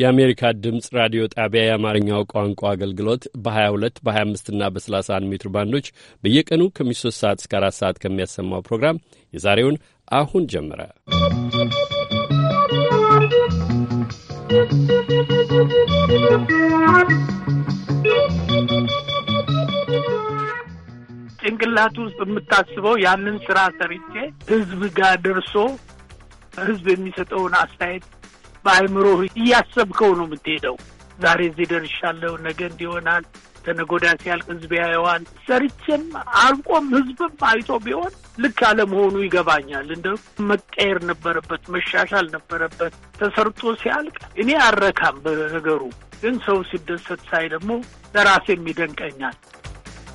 የአሜሪካ ድምፅ ራዲዮ ጣቢያ የአማርኛው ቋንቋ አገልግሎት በ22 በ25 እና በ31 ሜትር ባንዶች በየቀኑ ከ3 ሰዓት እስከ 4 ሰዓት ከሚያሰማው ፕሮግራም የዛሬውን አሁን ጀመረ። ¶¶ ጭንቅላት ውስጥ የምታስበው ያንን ስራ ሰርቼ ህዝብ ጋር ደርሶ ህዝብ የሚሰጠውን አስተያየት በአእምሮ እያሰብከው ነው የምትሄደው። ዛሬ እዚህ ደርሻለሁ፣ ነገ እንዲሆናል፣ ተነጎዳ ሲያልቅ ህዝብ ያየዋል። ሰርቼም አልቆም ህዝብም አይቶ ቢሆን ልክ አለመሆኑ ይገባኛል። እንደ መቀየር ነበረበት፣ መሻሻል ነበረበት። ተሰርቶ ሲያልቅ እኔ አረካም በነገሩ ግን ሰው ሲደሰት ሳይ ደግሞ ለራሴም ይደንቀኛል።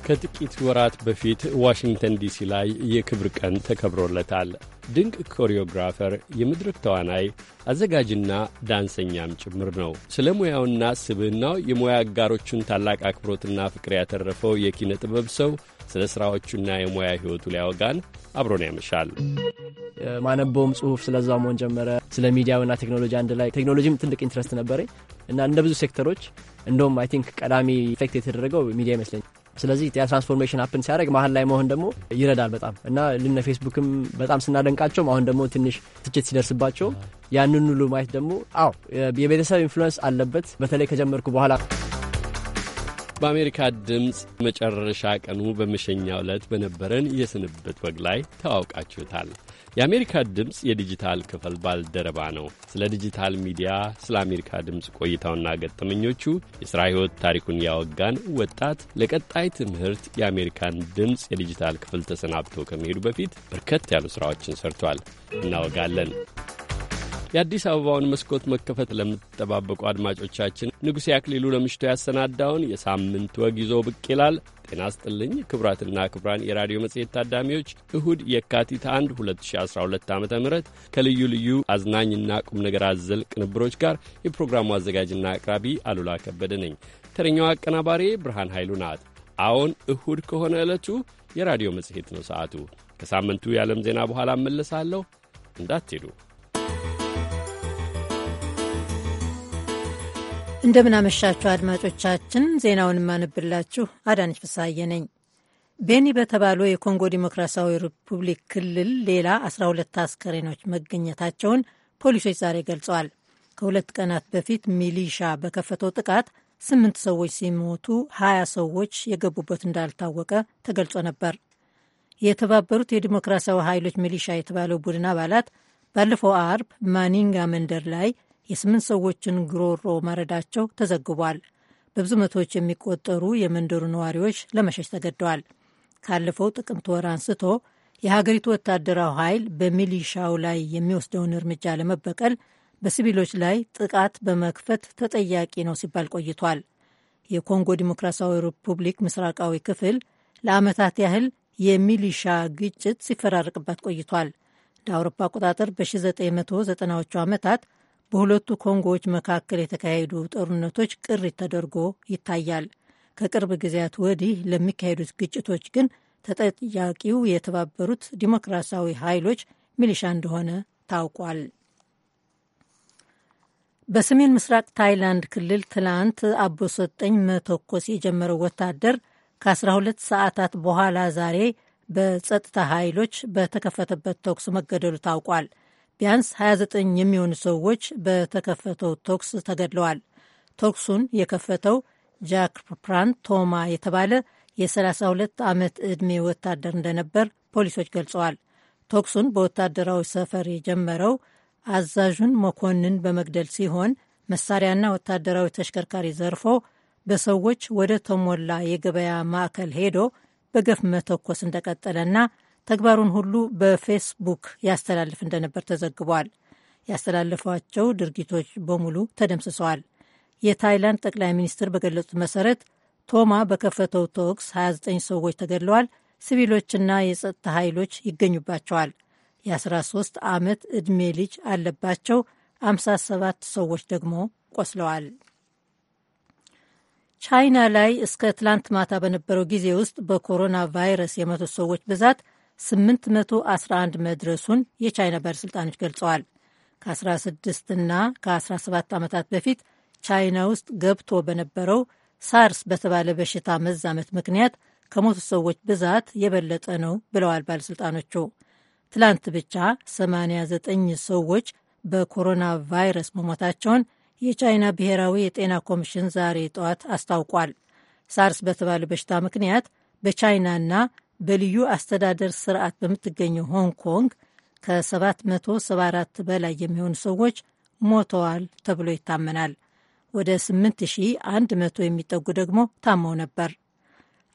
ከጥቂት ወራት በፊት ዋሽንግተን ዲሲ ላይ የክብር ቀን ተከብሮለታል። ድንቅ ኮሪዮግራፈር፣ የመድረክ ተዋናይ፣ አዘጋጅና ዳንሰኛም ጭምር ነው። ስለ ሙያውና ስብህናው የሙያ አጋሮቹን ታላቅ አክብሮትና ፍቅር ያተረፈው የኪነ ጥበብ ሰው ስለ ሥራዎቹና የሙያ ሕይወቱ ሊያወጋን አብሮን ያመሻል። ማነበውም ጽሁፍ ስለዛ መሆን ጀመረ። ስለ ሚዲያውና ቴክኖሎጂ አንድ ላይ ቴክኖሎጂም ትልቅ ኢንትረስት ነበረኝ እና እንደ ብዙ ሴክተሮች እንደውም አይ ቲንክ ቀዳሚ ኢፌክት የተደረገው ሚዲያ ይመስለኛል። ስለዚህ ትራንስፎርሜሽን አፕን ሲያደርግ መሀል ላይ መሆን ደግሞ ይረዳል በጣም እና ልነ ፌስቡክም በጣም ስናደንቃቸውም አሁን ደግሞ ትንሽ ትችት ሲደርስባቸው ያንን ሁሉ ማየት ደግሞ አዎ የቤተሰብ ኢንፍሉዌንስ አለበት በተለይ ከጀመርኩ በኋላ በአሜሪካ ድምፅ መጨረሻ ቀኑ በመሸኛ ዕለት በነበረን የስንብት ወግ ላይ ተዋውቃችሁታል። የአሜሪካ ድምፅ የዲጂታል ክፍል ባልደረባ ነው። ስለ ዲጂታል ሚዲያ፣ ስለ አሜሪካ ድምፅ ቆይታውና ገጠመኞቹ የሥራ ሕይወት ታሪኩን ያወጋን ወጣት ለቀጣይ ትምህርት የአሜሪካን ድምፅ የዲጂታል ክፍል ተሰናብቶ ከመሄዱ በፊት በርከት ያሉ ሥራዎችን ሰርቷል። እናወጋለን። የአዲስ አበባውን መስኮት መከፈት ለምትጠባበቁ አድማጮቻችን ንጉሴ አክሊሉ ለምሽቶ ያሰናዳውን የሳምንት ወግ ይዞ ብቅ ይላል። ጤና ስጥልኝ ክቡራትና ክቡራን የራዲዮ መጽሔት ታዳሚዎች እሁድ የካቲት 1 2012 ዓ ም ከልዩ ልዩ አዝናኝና ቁም ነገር አዘል ቅንብሮች ጋር የፕሮግራሙ አዘጋጅና አቅራቢ አሉላ ከበደ ነኝ። ተረኛዋ አቀናባሪ ብርሃን ኃይሉ ናት። አዎን እሁድ ከሆነ ዕለቱ የራዲዮ መጽሔት ነው። ሰዓቱ ከሳምንቱ የዓለም ዜና በኋላ እመለሳለሁ፣ እንዳትሄዱ። እንደምናመሻችሁ አድማጮቻችን፣ ዜናውን የማነብላችሁ አዳነች ፍሳዬ ነኝ። ቤኒ በተባለው የኮንጎ ዲሞክራሲያዊ ሪፑብሊክ ክልል ሌላ 12 አስከሬኖች መገኘታቸውን ፖሊሶች ዛሬ ገልጸዋል። ከሁለት ቀናት በፊት ሚሊሻ በከፈተው ጥቃት ስምንት ሰዎች ሲሞቱ ሀያ ሰዎች የገቡበት እንዳልታወቀ ተገልጾ ነበር። የተባበሩት የዲሞክራሲያዊ ኃይሎች ሚሊሻ የተባለው ቡድን አባላት ባለፈው አርብ ማኒንጋ መንደር ላይ የስምንት ሰዎችን ግሮሮ መረዳቸው ተዘግቧል። በብዙ መቶዎች የሚቆጠሩ የመንደሩ ነዋሪዎች ለመሸሽ ተገደዋል። ካለፈው ጥቅምት ወር አንስቶ የሀገሪቱ ወታደራዊ ኃይል በሚሊሻው ላይ የሚወስደውን እርምጃ ለመበቀል በሲቪሎች ላይ ጥቃት በመክፈት ተጠያቂ ነው ሲባል ቆይቷል። የኮንጎ ዲሞክራሲያዊ ሪፑብሊክ ምስራቃዊ ክፍል ለዓመታት ያህል የሚሊሻ ግጭት ሲፈራረቅባት ቆይቷል። እንደ አውሮፓ አቆጣጠር በ1990ዎቹ ዓመታት በሁለቱ ኮንጎዎች መካከል የተካሄዱ ጦርነቶች ቅሪት ተደርጎ ይታያል። ከቅርብ ጊዜያት ወዲህ ለሚካሄዱት ግጭቶች ግን ተጠያቂው የተባበሩት ዲሞክራሲያዊ ኃይሎች ሚሊሻ እንደሆነ ታውቋል። በሰሜን ምስራቅ ታይላንድ ክልል ትላንት አቦ ሰጠኝ መተኮስ የጀመረው ወታደር ከ12 ሰዓታት በኋላ ዛሬ በጸጥታ ኃይሎች በተከፈተበት ተኩስ መገደሉ ታውቋል። ቢያንስ 29 የሚሆኑ ሰዎች በተከፈተው ተኩስ ተገድለዋል። ተኩሱን የከፈተው ጃክ ፕራንት ቶማ የተባለ የ32 ዓመት ዕድሜ ወታደር እንደነበር ፖሊሶች ገልጸዋል። ተኩሱን በወታደራዊ ሰፈር የጀመረው አዛዡን መኮንን በመግደል ሲሆን መሳሪያና ወታደራዊ ተሽከርካሪ ዘርፎ በሰዎች ወደ ተሞላ የገበያ ማዕከል ሄዶ በገፍ መተኮስ እንደቀጠለና ተግባሩን ሁሉ በፌስቡክ ያስተላልፍ እንደነበር ተዘግቧል። ያስተላለፏቸው ድርጊቶች በሙሉ ተደምስሰዋል። የታይላንድ ጠቅላይ ሚኒስትር በገለጹት መሰረት ቶማ በከፈተው ተኩስ 29 ሰዎች ተገድለዋል። ሲቪሎችና የጸጥታ ኃይሎች ይገኙባቸዋል። የ13 ዓመት ዕድሜ ልጅ አለባቸው። 57 ሰዎች ደግሞ ቆስለዋል። ቻይና ላይ እስከ ትላንት ማታ በነበረው ጊዜ ውስጥ በኮሮና ቫይረስ የመቶ ሰዎች ብዛት 811 መድረሱን የቻይና ባለሥልጣኖች ገልጸዋል። ከ16 እና ከ17 ዓመታት በፊት ቻይና ውስጥ ገብቶ በነበረው ሳርስ በተባለ በሽታ መዛመት ምክንያት ከሞቱ ሰዎች ብዛት የበለጠ ነው ብለዋል ባለሥልጣኖቹ። ትላንት ብቻ 89 ሰዎች በኮሮና ቫይረስ መሞታቸውን የቻይና ብሔራዊ የጤና ኮሚሽን ዛሬ ጠዋት አስታውቋል። ሳርስ በተባለ በሽታ ምክንያት በቻይናና በልዩ አስተዳደር ስርዓት በምትገኘው ሆንግ ኮንግ ከ774 በላይ የሚሆኑ ሰዎች ሞተዋል ተብሎ ይታመናል። ወደ 8100 የሚጠጉ ደግሞ ታመው ነበር።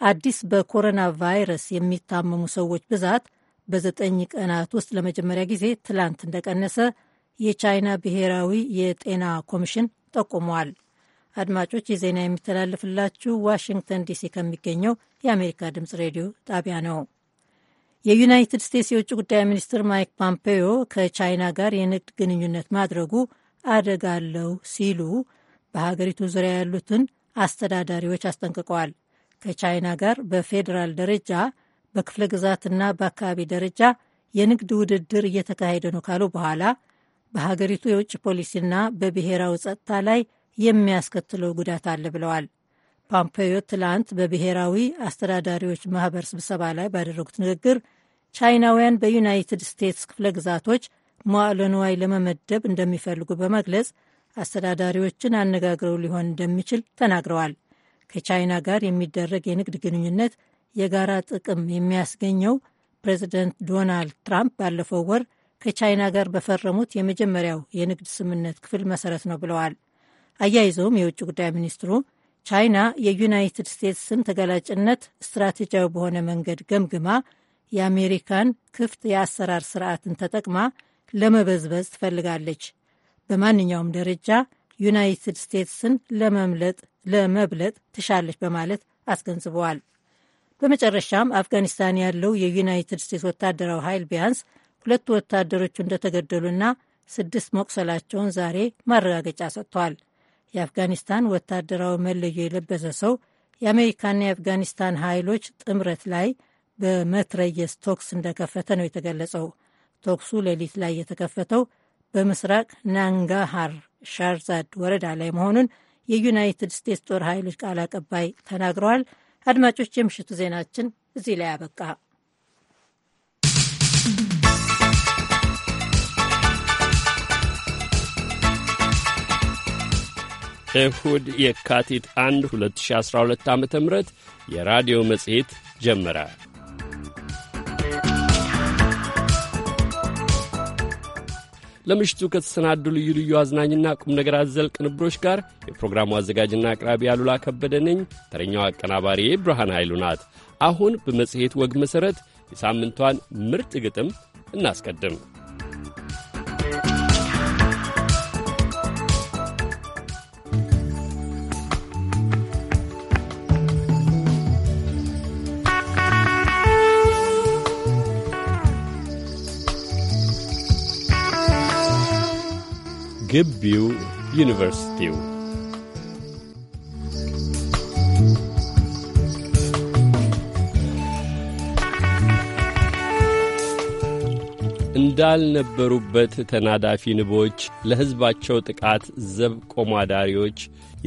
አዲስ በኮሮና ቫይረስ የሚታመሙ ሰዎች ብዛት በዘጠኝ ቀናት ውስጥ ለመጀመሪያ ጊዜ ትላንት እንደቀነሰ የቻይና ብሔራዊ የጤና ኮሚሽን ጠቁመዋል። አድማጮች የዜና የሚተላለፍላችሁ ዋሽንግተን ዲሲ ከሚገኘው የአሜሪካ ድምፅ ሬዲዮ ጣቢያ ነው። የዩናይትድ ስቴትስ የውጭ ጉዳይ ሚኒስትር ማይክ ፖምፔዮ ከቻይና ጋር የንግድ ግንኙነት ማድረጉ አደጋ አለው ሲሉ በሀገሪቱ ዙሪያ ያሉትን አስተዳዳሪዎች አስጠንቅቀዋል። ከቻይና ጋር በፌዴራል ደረጃ በክፍለ ግዛትና በአካባቢ ደረጃ የንግድ ውድድር እየተካሄደ ነው ካሉ በኋላ በሀገሪቱ የውጭ ፖሊሲና በብሔራዊ ጸጥታ ላይ የሚያስከትለው ጉዳት አለ ብለዋል። ፖምፔዮ ትላንት በብሔራዊ አስተዳዳሪዎች ማህበር ስብሰባ ላይ ባደረጉት ንግግር ቻይናውያን በዩናይትድ ስቴትስ ክፍለ ግዛቶች መዋዕለ ንዋይ ለመመደብ እንደሚፈልጉ በመግለጽ አስተዳዳሪዎችን አነጋግረው ሊሆን እንደሚችል ተናግረዋል። ከቻይና ጋር የሚደረግ የንግድ ግንኙነት የጋራ ጥቅም የሚያስገኘው ፕሬዚደንት ዶናልድ ትራምፕ ባለፈው ወር ከቻይና ጋር በፈረሙት የመጀመሪያው የንግድ ስምምነት ክፍል መሰረት ነው ብለዋል። አያይዘውም የውጭ ጉዳይ ሚኒስትሩ ቻይና የዩናይትድ ስቴትስን ተጋላጭነት ስትራቴጂያዊ በሆነ መንገድ ገምግማ የአሜሪካን ክፍት የአሰራር ስርዓትን ተጠቅማ ለመበዝበዝ ትፈልጋለች። በማንኛውም ደረጃ ዩናይትድ ስቴትስን ለመምለጥ ለመብለጥ ትሻለች በማለት አስገንዝበዋል። በመጨረሻም አፍጋኒስታን ያለው የዩናይትድ ስቴትስ ወታደራዊ ኃይል ቢያንስ ሁለቱ ወታደሮቹ እንደተገደሉና ስድስት መቁሰላቸውን ዛሬ ማረጋገጫ ሰጥቷል። የአፍጋኒስታን ወታደራዊ መለዮ የለበሰ ሰው የአሜሪካና የአፍጋኒስታን ኃይሎች ጥምረት ላይ በመትረየስ ተኩስ እንደከፈተ ነው የተገለጸው። ተኩሱ ሌሊት ላይ የተከፈተው በምስራቅ ናንጋሃር ሻርዛድ ወረዳ ላይ መሆኑን የዩናይትድ ስቴትስ ጦር ኃይሎች ቃል አቀባይ ተናግረዋል። አድማጮች፣ የምሽቱ ዜናችን እዚህ ላይ አበቃ። እሁድ የካቲት 1 2012 ዓ ም የራዲዮ መጽሔት ጀመረ። ለምሽቱ ከተሰናዱ ልዩ ልዩ አዝናኝና ቁም ነገር አዘል ቅንብሮች ጋር የፕሮግራሙ አዘጋጅና አቅራቢ አሉላ ከበደ ነኝ። ተረኛዋ አቀናባሪ ብርሃን ኃይሉ ናት። አሁን በመጽሔት ወግ መሠረት የሳምንቷን ምርጥ ግጥም እናስቀድም። ግቢው፣ ዩኒቨርሲቲው እንዳልነበሩበት ተናዳፊ ንቦች፣ ለሕዝባቸው ጥቃት ዘብ ቆማዳሪዎች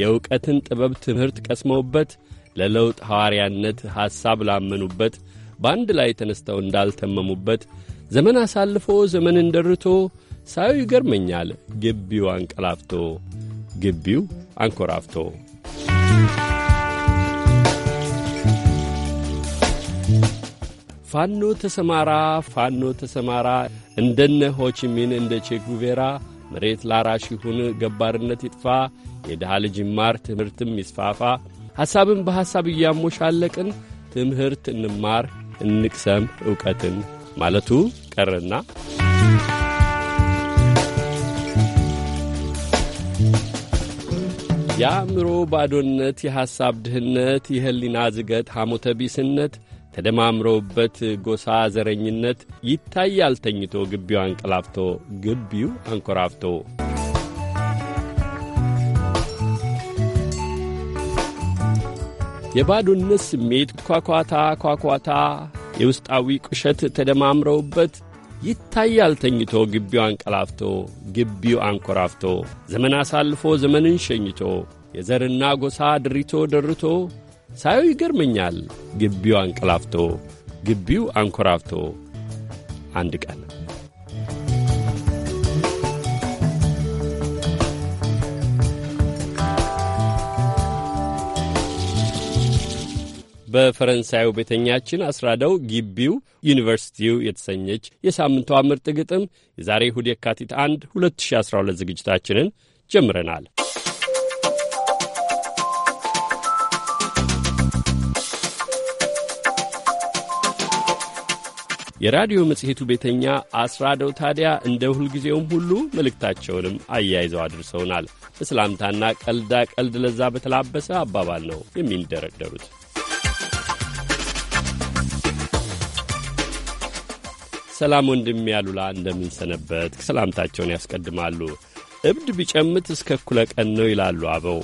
የእውቀትን ጥበብ ትምህርት ቀስመውበት ለለውጥ ሐዋርያነት ሐሳብ ላመኑበት፣ በአንድ ላይ ተነስተው እንዳልተመሙበት ዘመን አሳልፎ ዘመንን ደርቶ ሳዩ ይገርመኛል ግቢው አንቀላፍቶ ግቢው አንኮራፍቶ ፋኖ ተሰማራ ፋኖ ተሰማራ እንደነ ሆቺሚን እንደ ቼጉቬራ መሬት ላራሽ ይሁን ገባርነት ይጥፋ የድሃ ልጅ ይማር ትምህርትም ይስፋፋ ሐሳብን በሐሳብ እያሞሻለቅን ትምህርት እንማር እንቅሰም ዕውቀትን ማለቱ ቀርና የአእምሮ ባዶነት፣ የሐሳብ ድህነት፣ የህሊና ዝገት፣ ሐሞተ ቢስነት ተደማምረውበት ጎሳ ዘረኝነት ይታያል ተኝቶ ግቢው አንቀላፍቶ ግቢው አንኮራፍቶ የባዶነት ስሜት ኳኳታ ኳኳታ የውስጣዊ ቁሸት ተደማምረውበት ይታያል ተኝቶ ግቢው አንቀላፍቶ ግቢው አንኮራፍቶ ዘመን አሳልፎ ዘመንን ሸኝቶ የዘርና ጎሳ ድሪቶ ደርቶ ሳየው ይገርመኛል ግቢው አንቀላፍቶ ግቢው አንኮራፍቶ አንድ ቀን በፈረንሳዩ ቤተኛችን አስራደው ግቢው ዩኒቨርሲቲው የተሰኘች የሳምንቷ ምርጥ ግጥም የዛሬ እሁድ የካቲት 1 2012 ዝግጅታችንን ጀምረናል። የራዲዮ መጽሔቱ ቤተኛ አስራደው ታዲያ እንደ ሁልጊዜውም ሁሉ መልእክታቸውንም አያይዘው አድርሰውናል። በሰላምታና ቀልዳ ቀልድ ለዛ በተላበሰ አባባል ነው የሚንደረደሩት። ሰላም ወንድም ያሉላ እንደምንሰነበት ሰላምታቸውን ያስቀድማሉ። እብድ ቢጨምት እስከ እኩለ ቀን ነው ይላሉ አበው።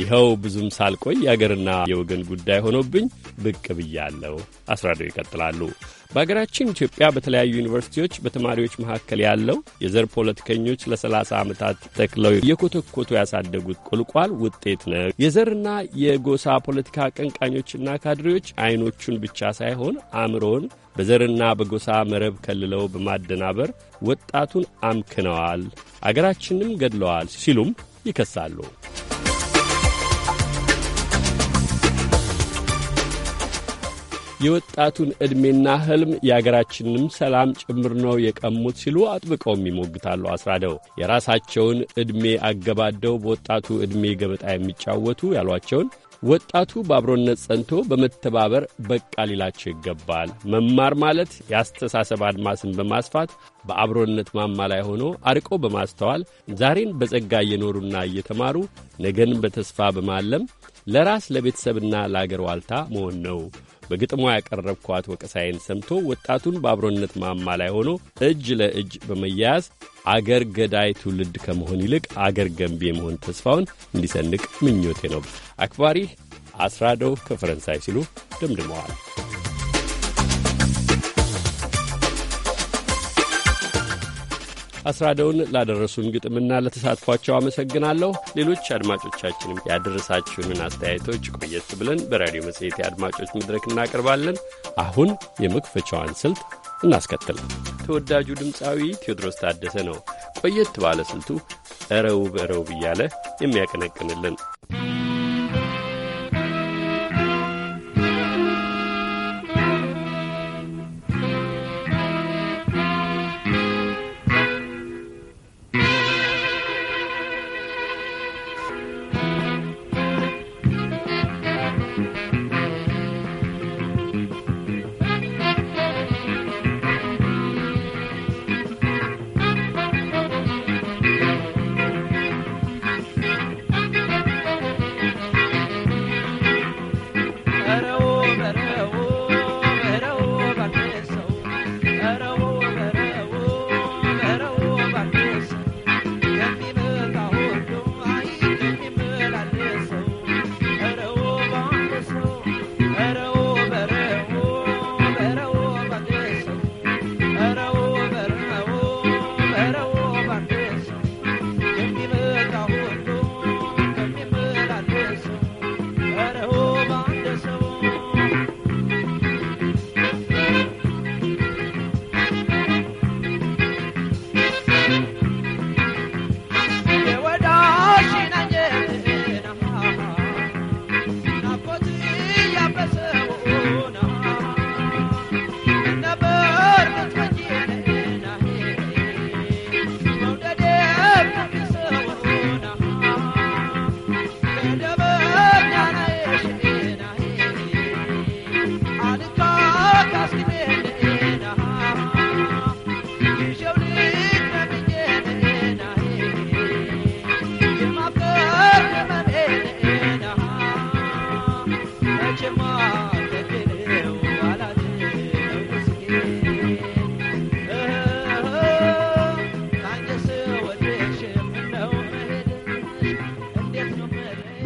ይኸው ብዙም ሳልቆይ የአገርና የወገን ጉዳይ ሆኖብኝ ብቅ ብያለሁ። አስራደው ይቀጥላሉ። በሀገራችን ኢትዮጵያ በተለያዩ ዩኒቨርሲቲዎች በተማሪዎች መካከል ያለው የዘር ፖለቲከኞች ለ30 ዓመታት ተክለው የኮተኮቱ ያሳደጉት ቁልቋል ውጤት ነው። የዘርና የጎሳ ፖለቲካ አቀንቃኞችና ካድሬዎች አይኖቹን ብቻ ሳይሆን አእምሮን በዘርና በጎሳ መረብ ከልለው በማደናበር ወጣቱን አምክነዋል፣ አገራችንም ገድለዋል ሲሉም ይከሳሉ። የወጣቱን ዕድሜና ህልም የአገራችንንም ሰላም ጭምር ነው የቀሙት ሲሉ አጥብቀውም ይሞግታሉ። አስራደው የራሳቸውን ዕድሜ አገባደው በወጣቱ ዕድሜ ገበጣ የሚጫወቱ ያሏቸውን ወጣቱ በአብሮነት ጸንቶ በመተባበር በቃ ሊላቸው ይገባል። መማር ማለት የአስተሳሰብ አድማስን በማስፋት በአብሮነት ማማ ላይ ሆኖ አርቆ በማስተዋል ዛሬን በጸጋ እየኖሩና እየተማሩ ነገን በተስፋ በማለም ለራስ ለቤተሰብና ለአገር ዋልታ መሆን ነው። በግጥሟ ያቀረብኳት ወቀሳይን ሰምቶ ወጣቱን በአብሮነት ማማ ላይ ሆኖ እጅ ለእጅ በመያያዝ አገር ገዳይ ትውልድ ከመሆን ይልቅ አገር ገንቢ የመሆን ተስፋውን እንዲሰንቅ ምኞቴ ነው። አክባሪህ አስራደው ከፈረንሳይ ሲሉ ደምድመዋል። አስራደውን ላደረሱን ግጥምና ለተሳትፏቸው አመሰግናለሁ። ሌሎች አድማጮቻችንም ያደረሳችሁንን አስተያየቶች ቆየት ብለን በራዲዮ መጽሔት የአድማጮች መድረክ እናቀርባለን። አሁን የመክፈቻዋን ስልት እናስከትል። ተወዳጁ ድምፃዊ ቴዎድሮስ ታደሰ ነው ቆየት ባለ ስልቱ እረውብ እረውብ እያለ የሚያቀነቅንልን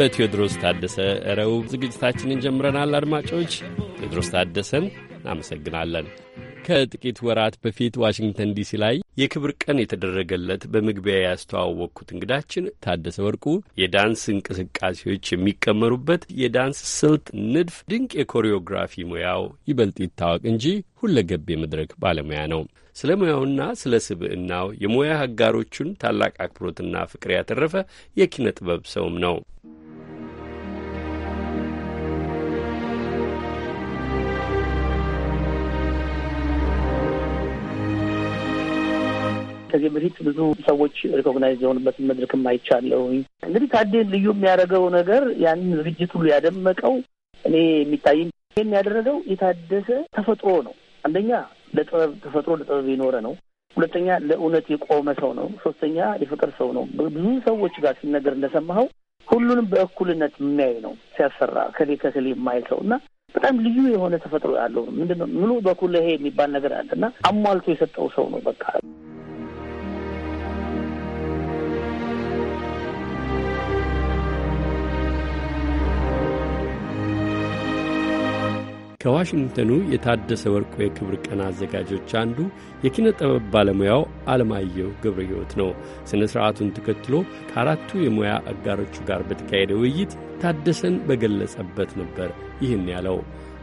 በቴዎድሮስ ታደሰ ረቡዕ ዝግጅታችንን ጀምረናል። አድማጮች ቴዎድሮስ ታደሰን እናመሰግናለን። ከጥቂት ወራት በፊት ዋሽንግተን ዲሲ ላይ የክብር ቀን የተደረገለት በመግቢያ ያስተዋወቅኩት እንግዳችን ታደሰ ወርቁ የዳንስ እንቅስቃሴዎች የሚቀመሩበት የዳንስ ስልት ንድፍ ድንቅ የኮሪዮግራፊ ሙያው ይበልጥ ይታወቅ እንጂ ሁለገብ የመድረክ ባለሙያ ነው። ስለ ሙያውና ስለ ስብዕናው የሙያ አጋሮቹን ታላቅ አክብሮትና ፍቅር ያተረፈ የኪነ ጥበብ ሰውም ነው። ከዚህ በፊት ብዙ ሰዎች ሪኮግናይዝ የሆኑበትን መድረክም አይቻለሁ። እንግዲህ ታዴን ልዩ የሚያደርገው ነገር ያንን ዝግጅት ሁሉ ያደመቀው እኔ የሚታይኝ ይህን ያደረገው የታደሰ ተፈጥሮ ነው። አንደኛ ለጥበብ ተፈጥሮ ለጥበብ የኖረ ነው። ሁለተኛ ለእውነት የቆመ ሰው ነው። ሶስተኛ የፍቅር ሰው ነው። ብዙ ሰዎች ጋር ሲነገር እንደሰማኸው ሁሉንም በእኩልነት የሚያይ ነው። ሲያሰራ ከሌ ከሌ የማይል ሰው እና በጣም ልዩ የሆነ ተፈጥሮ ያለው ምንድነው ምሉ በኩል ይሄ የሚባል ነገር አለ እና አሟልቶ የሰጠው ሰው ነው በቃ ከዋሽንግተኑ የታደሰ ወርቁ የክብር ቀን አዘጋጆች አንዱ የኪነ ጥበብ ባለሙያው አለማየሁ ገብረ ሕይወት ነው። ሥነ ሥርዓቱን ተከትሎ ከአራቱ የሙያ አጋሮቹ ጋር በተካሄደ ውይይት ታደሰን በገለጸበት ነበር ይህን ያለው።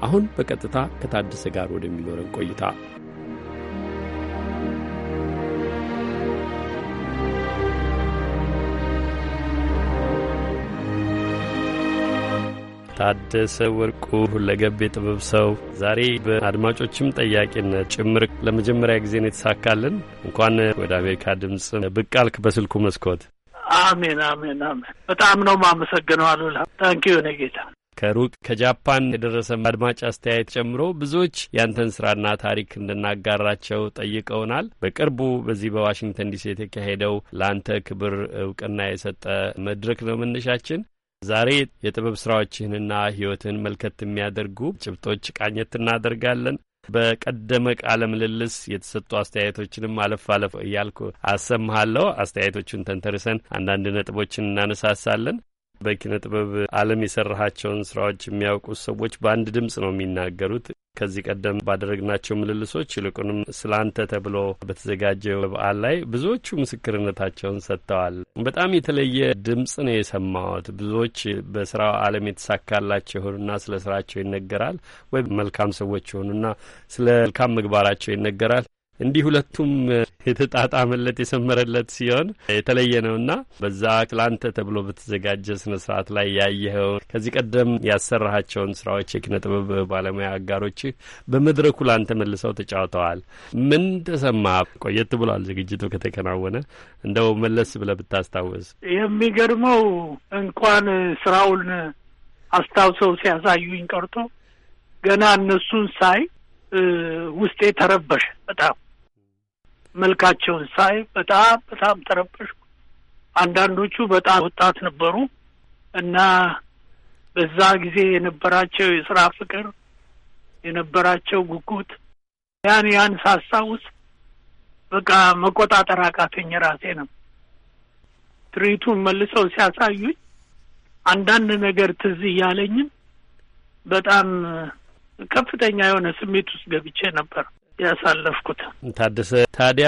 አሁን በቀጥታ ከታደሰ ጋር ወደሚኖረን ቆይታ ታደሰ ወርቁ ሁለገብ የጥበብ ሰው ዛሬ በአድማጮችም ጠያቂነት ጭምር ለመጀመሪያ ጊዜ ነው የተሳካልን። እንኳን ወደ አሜሪካ ድምፅ ብቅ አልክ በስልኩ መስኮት። አሜን አሜን አሜን። በጣም ነው ማመሰግነው አሉላ። ታንኪ ሆነ ጌታ ከሩቅ ከጃፓን የደረሰ አድማጭ አስተያየት ጨምሮ ብዙዎች ያንተን ስራና ታሪክ እንድናጋራቸው ጠይቀውናል። በቅርቡ በዚህ በዋሽንግተን ዲሲ የተካሄደው ለአንተ ክብር እውቅና የሰጠ መድረክ ነው መነሻችን። ዛሬ የጥበብ ስራዎችህንና ሕይወትህን መልከት የሚያደርጉ ጭብጦች ቃኘት እናደርጋለን። በቀደመ ቃለ ምልልስ የተሰጡ አስተያየቶችንም አለፍ አለፍ እያልኩ አሰማሃለሁ። አስተያየቶቹን ተንተርሰን አንዳንድ ነጥቦችን እናነሳሳለን። በኪነ ጥበብ ዓለም የሰራሃቸውን ስራዎች የሚያውቁት ሰዎች በአንድ ድምፅ ነው የሚናገሩት። ከዚህ ቀደም ባደረግናቸው ምልልሶች ይልቁንም ስላንተ ተብሎ በተዘጋጀው በዓል ላይ ብዙዎቹ ምስክርነታቸውን ሰጥተዋል። በጣም የተለየ ድምጽ ነው የሰማሁት። ብዙዎች በስራው ዓለም የተሳካላቸው የሆኑና ስለ ስራቸው ይነገራል፣ ወይም መልካም ሰዎች የሆኑና ስለ መልካም ምግባራቸው ይነገራል። እንዲህ ሁለቱም የተጣጣመለት የሰመረለት ሲሆን የተለየ ነውና በዛ ክላንተ ተብሎ በተዘጋጀ ስነ ስርዓት ላይ ያየኸውን ከዚህ ቀደም ያሰራሃቸውን ስራዎች የኪነ ጥበብ ባለሙያ አጋሮች በመድረኩ ላንተ መልሰው ተጫውተዋል። ምን ተሰማ? ቆየት ብሏል ዝግጅቱ ከተከናወነ እንደው መለስ ብለህ ብታስታውስ። የሚገርመው እንኳን ስራውን አስታውሰው ሲያሳዩኝ ቀርቶ ገና እነሱን ሳይ ውስጤ ተረበሸ በጣም መልካቸውን ሳይ በጣም በጣም ተረበሽኩ። አንዳንዶቹ በጣም ወጣት ነበሩ እና በዛ ጊዜ የነበራቸው የስራ ፍቅር የነበራቸው ጉጉት ያን ያን ሳስታውስ በቃ መቆጣጠር አቃተኝ ራሴ ነው። ትርኢቱን መልሰው ሲያሳዩኝ አንዳንድ ነገር ትዝ እያለኝም በጣም ከፍተኛ የሆነ ስሜት ውስጥ ገብቼ ነበር። ያሳለፍኩት። ታደሰ ታዲያ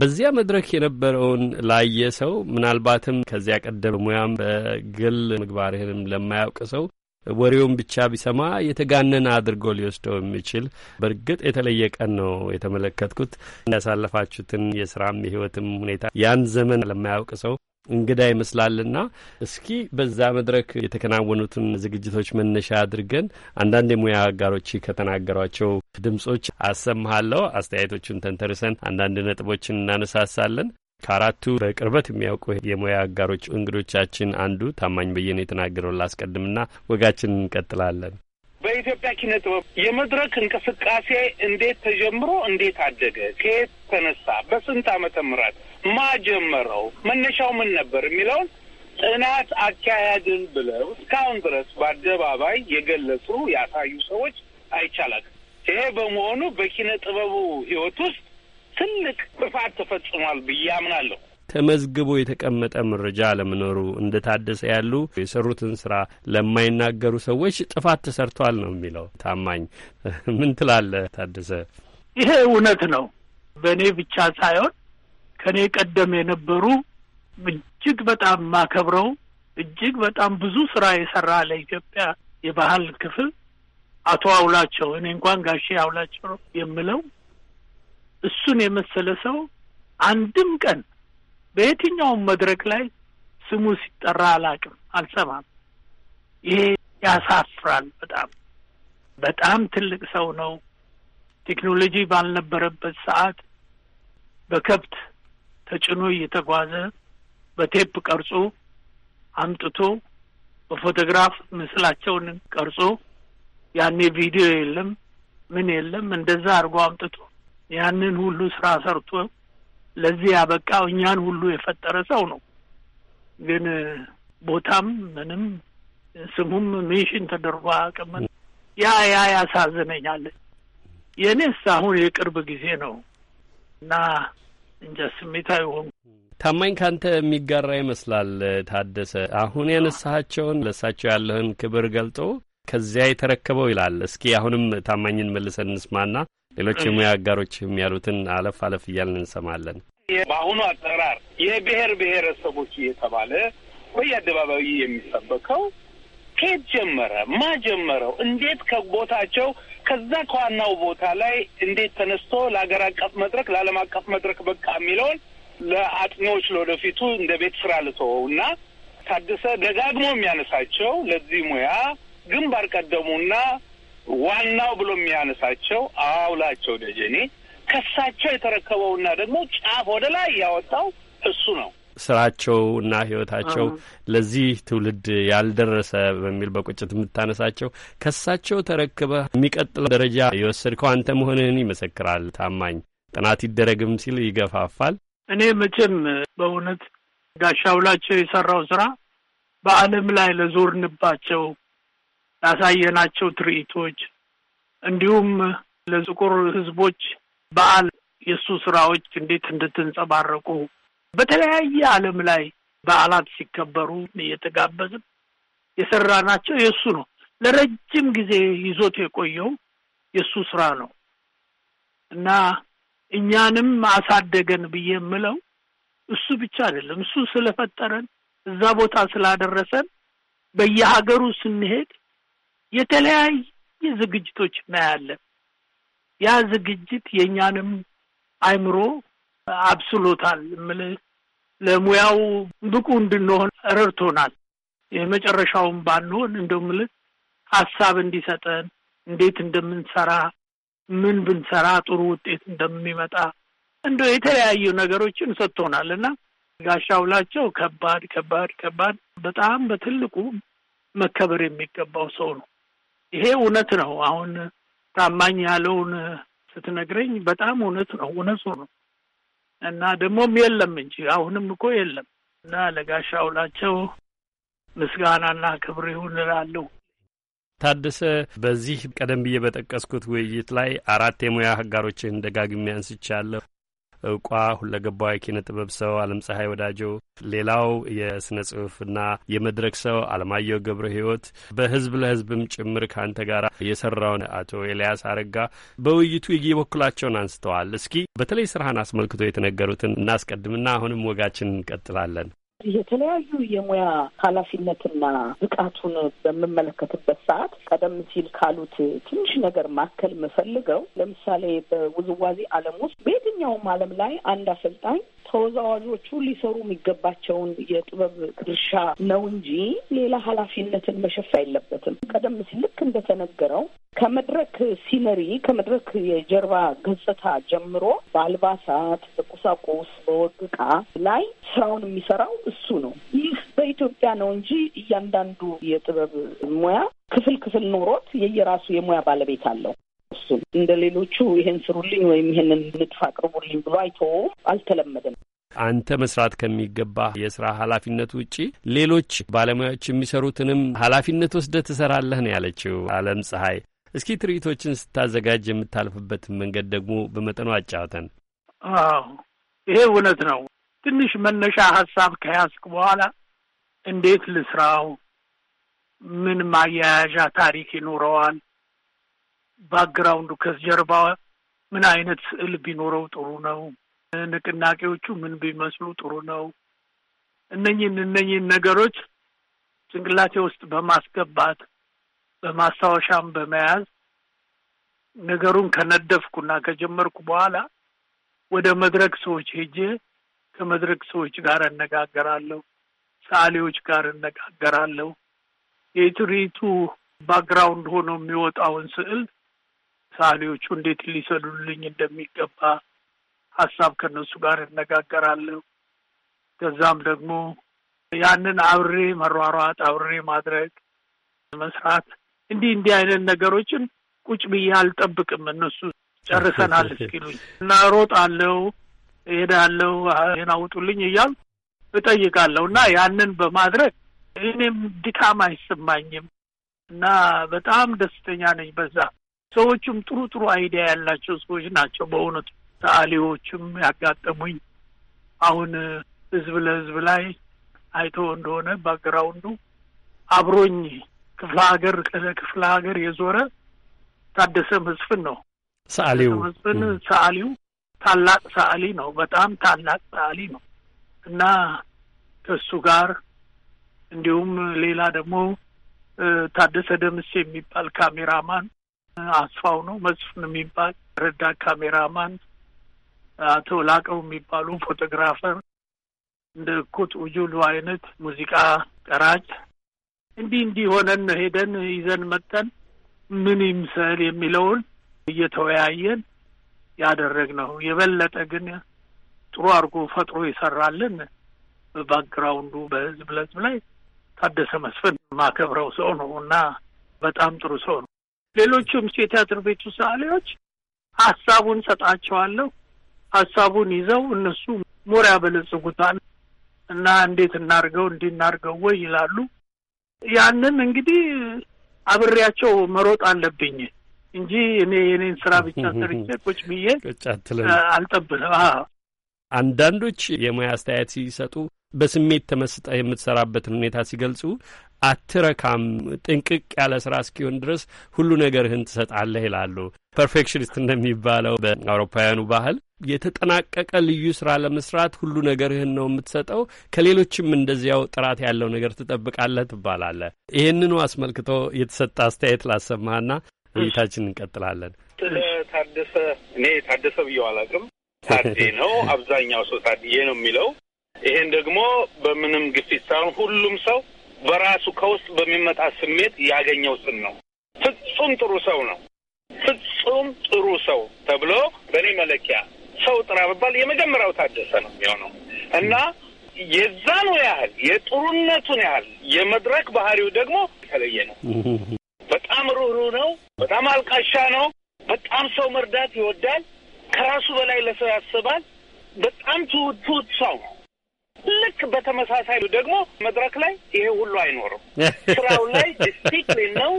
በዚያ መድረክ የነበረውን ላየ ሰው ምናልባትም ከዚያ ቀደም ሙያም በግል ምግባርህንም ለማያውቅ ሰው ወሬውን ብቻ ቢሰማ የተጋነነ አድርጎ ሊወስደው የሚችል በእርግጥ የተለየ ቀን ነው የተመለከትኩት። ያሳለፋችሁትን የስራም የህይወትም ሁኔታ ያን ዘመን ለማያውቅ ሰው እንግዳ ይመስላልና እስኪ በዛ መድረክ የተከናወኑትን ዝግጅቶች መነሻ አድርገን አንዳንድ የሙያ አጋሮች ከተናገሯቸው ድምጾች አሰማሃለሁ። አስተያየቶቹን ተንተርሰን አንዳንድ ነጥቦችን እናነሳሳለን። ከአራቱ በቅርበት የሚያውቁ የሙያ አጋሮች እንግዶቻችን አንዱ ታማኝ በየነ የተናገረውን ላስቀድምና ወጋችን እንቀጥላለን። በኢትዮጵያ ኪነ ጥበብ የመድረክ እንቅስቃሴ እንዴት ተጀምሮ እንዴት አደገ? ከየት ተነሳ? በስንት ዓመተ ምህረት ማ ጀመረው? መነሻው ምን ነበር? የሚለውን ጥናት አካሄድን ብለው እስካሁን ድረስ በአደባባይ የገለጹ ያሳዩ ሰዎች አይቻላል። ይሄ በመሆኑ በኪነ ጥበቡ ህይወት ውስጥ ትልቅ ጥፋት ተፈጽሟል ብዬ አምናለሁ። ተመዝግቦ የተቀመጠ መረጃ ለመኖሩ እንደ ታደሰ ያሉ የሰሩትን ስራ ለማይናገሩ ሰዎች ጥፋት ተሰርቷል ነው የሚለው ታማኝ። ምን ትላለህ ታደሰ? ይሄ እውነት ነው። በእኔ ብቻ ሳይሆን ከእኔ ቀደም የነበሩ እጅግ በጣም ማከብረው እጅግ በጣም ብዙ ስራ የሰራ ለኢትዮጵያ የባህል ክፍል አቶ አውላቸው እኔ እንኳን ጋሼ አውላቸው የምለው እሱን የመሰለ ሰው አንድም ቀን በየትኛውም መድረክ ላይ ስሙ ሲጠራ አላቅም፣ አልሰማም። ይሄ ያሳፍራል። በጣም በጣም ትልቅ ሰው ነው። ቴክኖሎጂ ባልነበረበት ሰዓት በከብት ተጭኖ እየተጓዘ በቴፕ ቀርጾ አምጥቶ በፎቶግራፍ ምስላቸውን ቀርጾ ያኔ ቪዲዮ የለም ምን የለም። እንደዛ አድርጎ አምጥቶ ያንን ሁሉ ስራ ሰርቶ ለዚህ ያበቃው እኛን ሁሉ የፈጠረ ሰው ነው። ግን ቦታም ምንም ስሙም ሜሽን ተደርጎ አያውቅም። ያ ያ ያሳዝነኛል። የእኔስ አሁን የቅርብ ጊዜ ነው እና እንጃ ስሜታዊ ሆንኩ። ታማኝ ካንተ የሚጋራ ይመስላል ታደሰ። አሁን ያነሳሃቸውን ለእሳቸው ያለህን ክብር ገልጦ ከዚያ የተረከበው ይላል። እስኪ አሁንም ታማኝን መልሰን እንስማና ሌሎች የሙያ አጋሮችም ያሉትን አለፍ አለፍ እያልን እንሰማለን። በአሁኑ አጠራር የብሔር ብሔረሰቦች እየተባለ በየአደባባዩ የሚሰበከው ከየት ጀመረ? ማ ጀመረው? እንዴት ከቦታቸው ከዛ ከዋናው ቦታ ላይ እንዴት ተነስቶ ለሀገር አቀፍ መድረክ ለዓለም አቀፍ መድረክ በቃ የሚለውን ለአጥኚዎች ለወደፊቱ እንደ ቤት ስራ ልተወው እና ታደሰ ደጋግሞ የሚያነሳቸው ለዚህ ሙያ ግንባር ቀደሙና ዋናው ብሎ የሚያነሳቸው አውላቸው ደጀኔ ከሳቸው የተረከበውና ደግሞ ጫፍ ወደ ላይ ያወጣው እሱ ነው። ስራቸውና ህይወታቸው ለዚህ ትውልድ ያልደረሰ በሚል በቁጭት የምታነሳቸው ከሳቸው ተረክበ የሚቀጥለው ደረጃ የወሰድከው አንተ መሆንህን ይመሰክራል። ታማኝ ጥናት ይደረግም ሲል ይገፋፋል። እኔ መቼም በእውነት ጋሻውላቸው የሰራው ስራ በዓለም ላይ ለዞርንባቸው ያሳየናቸው ትርኢቶች እንዲሁም ለጥቁር ህዝቦች በዓል የእሱ ስራዎች እንዴት እንድትንጸባረቁ በተለያየ ዓለም ላይ በዓላት ሲከበሩ እየተጋበዝም የሰራ ናቸው የእሱ ነው። ለረጅም ጊዜ ይዞት የቆየው የእሱ ስራ ነው እና እኛንም አሳደገን ብዬ የምለው እሱ ብቻ አይደለም። እሱ ስለፈጠረን እዛ ቦታ ስላደረሰን በየሀገሩ ስንሄድ የተለያየ ዝግጅቶች እናያለን። ያ ዝግጅት የእኛንም አይምሮ አብስሎታል። እምልህ ለሙያው ብቁ እንድንሆን ረድቶናል። የመጨረሻውን ባንሆን እንደው ሀሳብ እንዲሰጠን እንዴት እንደምንሰራ ምን ብንሰራ ጥሩ ውጤት እንደሚመጣ እንደ የተለያዩ ነገሮችን ሰጥቶናል እና ጋሻውላቸው ከባድ ከባድ ከባድ በጣም በትልቁ መከበር የሚገባው ሰው ነው። ይሄ እውነት ነው። አሁን ታማኝ ያለውን ስትነግረኝ በጣም እውነት ነው፣ እውነቱ ነው። እና ደግሞም የለም እንጂ አሁንም እኮ የለም። እና ለጋሻ አውላቸው ምስጋናና ክብር ይሁን እላለሁ። ታደሰ በዚህ ቀደም ብዬ በጠቀስኩት ውይይት ላይ አራት የሙያ አጋሮችህን ደጋግሜ አንስቻለሁ። እውቋ ሁለገባ የኪነ ጥበብ ሰው አለም ፀሐይ ወዳጆ፣ ሌላው የስነ ጽሁፍና የመድረክ ሰው አለማየሁ ገብረ ህይወት በህዝብ ለህዝብም ጭምር ከአንተ ጋር የሰራውን አቶ ኤልያስ አረጋ በውይይቱ የበኩላቸውን አንስተዋል። እስኪ በተለይ ስራህን አስመልክቶ የተነገሩትን እናስቀድምና አሁንም ወጋችን እንቀጥላለን። የተለያዩ የሙያ ኃላፊነትና ብቃቱን በምመለከትበት ሰዓት ቀደም ሲል ካሉት ትንሽ ነገር ማከል የምፈልገው ለምሳሌ በውዝዋዜ ዓለም ውስጥ በየትኛውም ዓለም ላይ አንድ አሰልጣኝ ተወዛዋዦቹ ሊሰሩ የሚገባቸውን የጥበብ ድርሻ ነው እንጂ ሌላ ኃላፊነትን መሸፍ አይለበትም። ቀደም ሲል ልክ እንደተነገረው ከመድረክ ሲነሪ ከመድረክ የጀርባ ገጽታ ጀምሮ በአልባሳት፣ በቁሳቁስ፣ በወግ እቃ ላይ ስራውን የሚሰራው እሱ ነው። ይህ በኢትዮጵያ ነው እንጂ እያንዳንዱ የጥበብ ሙያ ክፍል ክፍል ኖሮት የየራሱ የሙያ ባለቤት አለው። እሱም እንደ ሌሎቹ ይሄን ስሩልኝ ወይም ይሄንን ንድፍ አቅርቡልኝ ብሎ አይቶ አልተለመደም። አንተ መስራት ከሚገባ የስራ ኃላፊነት ውጪ ሌሎች ባለሙያዎች የሚሰሩትንም ኃላፊነት ወስደ ትሰራለህ ነው ያለችው አለም ፀሐይ። እስኪ ትርኢቶችን ስታዘጋጅ የምታልፍበትን መንገድ ደግሞ በመጠኑ አጫውተን። አዎ ይሄ እውነት ነው። ትንሽ መነሻ ሀሳብ ከያዝክ በኋላ እንዴት ልስራው፣ ምን ማያያዣ ታሪክ ይኖረዋል፣ ባክግራውንዱ ከጀርባ ምን አይነት ስዕል ቢኖረው ጥሩ ነው፣ ንቅናቄዎቹ ምን ቢመስሉ ጥሩ ነው፣ እነኝን እነኝን ነገሮች ጭንቅላቴ ውስጥ በማስገባት በማስታወሻም በመያዝ ነገሩን ከነደፍኩና ከጀመርኩ በኋላ ወደ መድረክ ሰዎች ሄጄ ከመድረክ ሰዎች ጋር እነጋገራለሁ፣ ሰዓሊዎች ጋር እነጋገራለሁ። የትርኢቱ ባክግራውንድ ሆኖ የሚወጣውን ስዕል ሰዓሊዎቹ እንዴት ሊሰሉልኝ እንደሚገባ ሀሳብ ከነሱ ጋር እነጋገራለሁ። ከዛም ደግሞ ያንን አብሬ መሯሯጥ፣ አብሬ ማድረግ፣ መስራት እንዲህ እንዲህ አይነት ነገሮችን ቁጭ ብዬ አልጠብቅም። እነሱ ጨርሰናል እስኪሉኝ እና እሮጣለሁ፣ እሄዳለሁ፣ ይሄን አውጡልኝ እያሉ እጠይቃለሁ እና ያንን በማድረግ እኔም ድካም አይሰማኝም እና በጣም ደስተኛ ነኝ በዛ ሰዎቹም ጥሩ ጥሩ አይዲያ ያላቸው ሰዎች ናቸው። በእውነቱ ሰዓሊዎቹም ያጋጠሙኝ አሁን ህዝብ ለህዝብ ላይ አይቶ እንደሆነ ባግራውንዱ አብሮኝ ክፍለ ሀገር ክፍለ ሀገር የዞረ ታደሰ መስፍን ነው። ሰዓሊው መስፍን ሰዓሊው ታላቅ ሰዓሊ ነው። በጣም ታላቅ ሰዓሊ ነው እና ከእሱ ጋር እንዲሁም ሌላ ደግሞ ታደሰ ደምስ የሚባል ካሜራማን አስፋው ነው መስፍን የሚባል ረዳ ካሜራማን፣ አቶ ላቀው የሚባሉ ፎቶግራፈር፣ እንደ ኩት ውጁሉ አይነት ሙዚቃ ቀራጭ እንዲህ እንዲህ ሆነን ሄደን ይዘን መጠን ምን ይምሰል የሚለውን እየተወያየን ያደረግ ነው የበለጠ ግን ጥሩ አድርጎ ፈጥሮ ይሰራልን በባክግራውንዱ በህዝብ ለህዝብ ላይ ታደሰ መስፍን ማከብረው ሰው ነው እና በጣም ጥሩ ሰው ነው። ሌሎቹም የቲያትር ቤቱ ሰዓሊዎች ሀሳቡን ሰጣቸዋለሁ። ሀሳቡን ይዘው እነሱ ሞር ያበለጽጉታል እና እንዴት እናርገው እንዲህ እናርገው ወይ ይላሉ። ያንን እንግዲህ አብሬያቸው መሮጥ አለብኝ እንጂ እኔ የኔን ስራ ብቻ ሰርቼ ቁጭ ብዬ አልጠብቅም። አንዳንዶች የሙያ አስተያየት ሲሰጡ በስሜት ተመስጠ የምትሰራበትን ሁኔታ ሲገልጹ፣ አትረካም። ጥንቅቅ ያለ ስራ እስኪሆን ድረስ ሁሉ ነገርህን ትሰጣለህ ይላሉ። ፐርፌክሽኒስት እንደሚባለው በአውሮፓውያኑ ባህል የተጠናቀቀ ልዩ ስራ ለመስራት ሁሉ ነገርህን ነው የምትሰጠው። ከሌሎችም እንደዚያው ጥራት ያለው ነገር ትጠብቃለህ ትባላለህ። ይህንኑ አስመልክቶ የተሰጠ አስተያየት ላሰማህና ውይይታችን እንቀጥላለን። ታደሰ እኔ ታደሰ ብዬው አላውቅም። ታዴ ነው አብዛኛው ሰው ታድዬ ነው የሚለው። ይሄን ደግሞ በምንም ግፊት ሳይሆን ሁሉም ሰው በራሱ ከውስጥ በሚመጣ ስሜት ያገኘው ስም ነው። ፍጹም ጥሩ ሰው ነው። ፍጹም ጥሩ ሰው ተብሎ በእኔ መለኪያ ሰው ጥራ ብባል የመጀመሪያው ታደሰ ነው የሚሆነው እና የዛኑ ያህል የጥሩነቱን ያህል የመድረክ ባህሪው ደግሞ የተለየ ነው። በጣም ሩህሩህ ነው። በጣም አልቃሻ ነው። በጣም ሰው መርዳት ይወዳል። ከራሱ በላይ ለሰው ያስባል። በጣም ትሁት ሰው ነው። ልክ በተመሳሳይ ደግሞ መድረክ ላይ ይሄ ሁሉ አይኖርም። ስራው ላይ ዲስፕሊን ነው።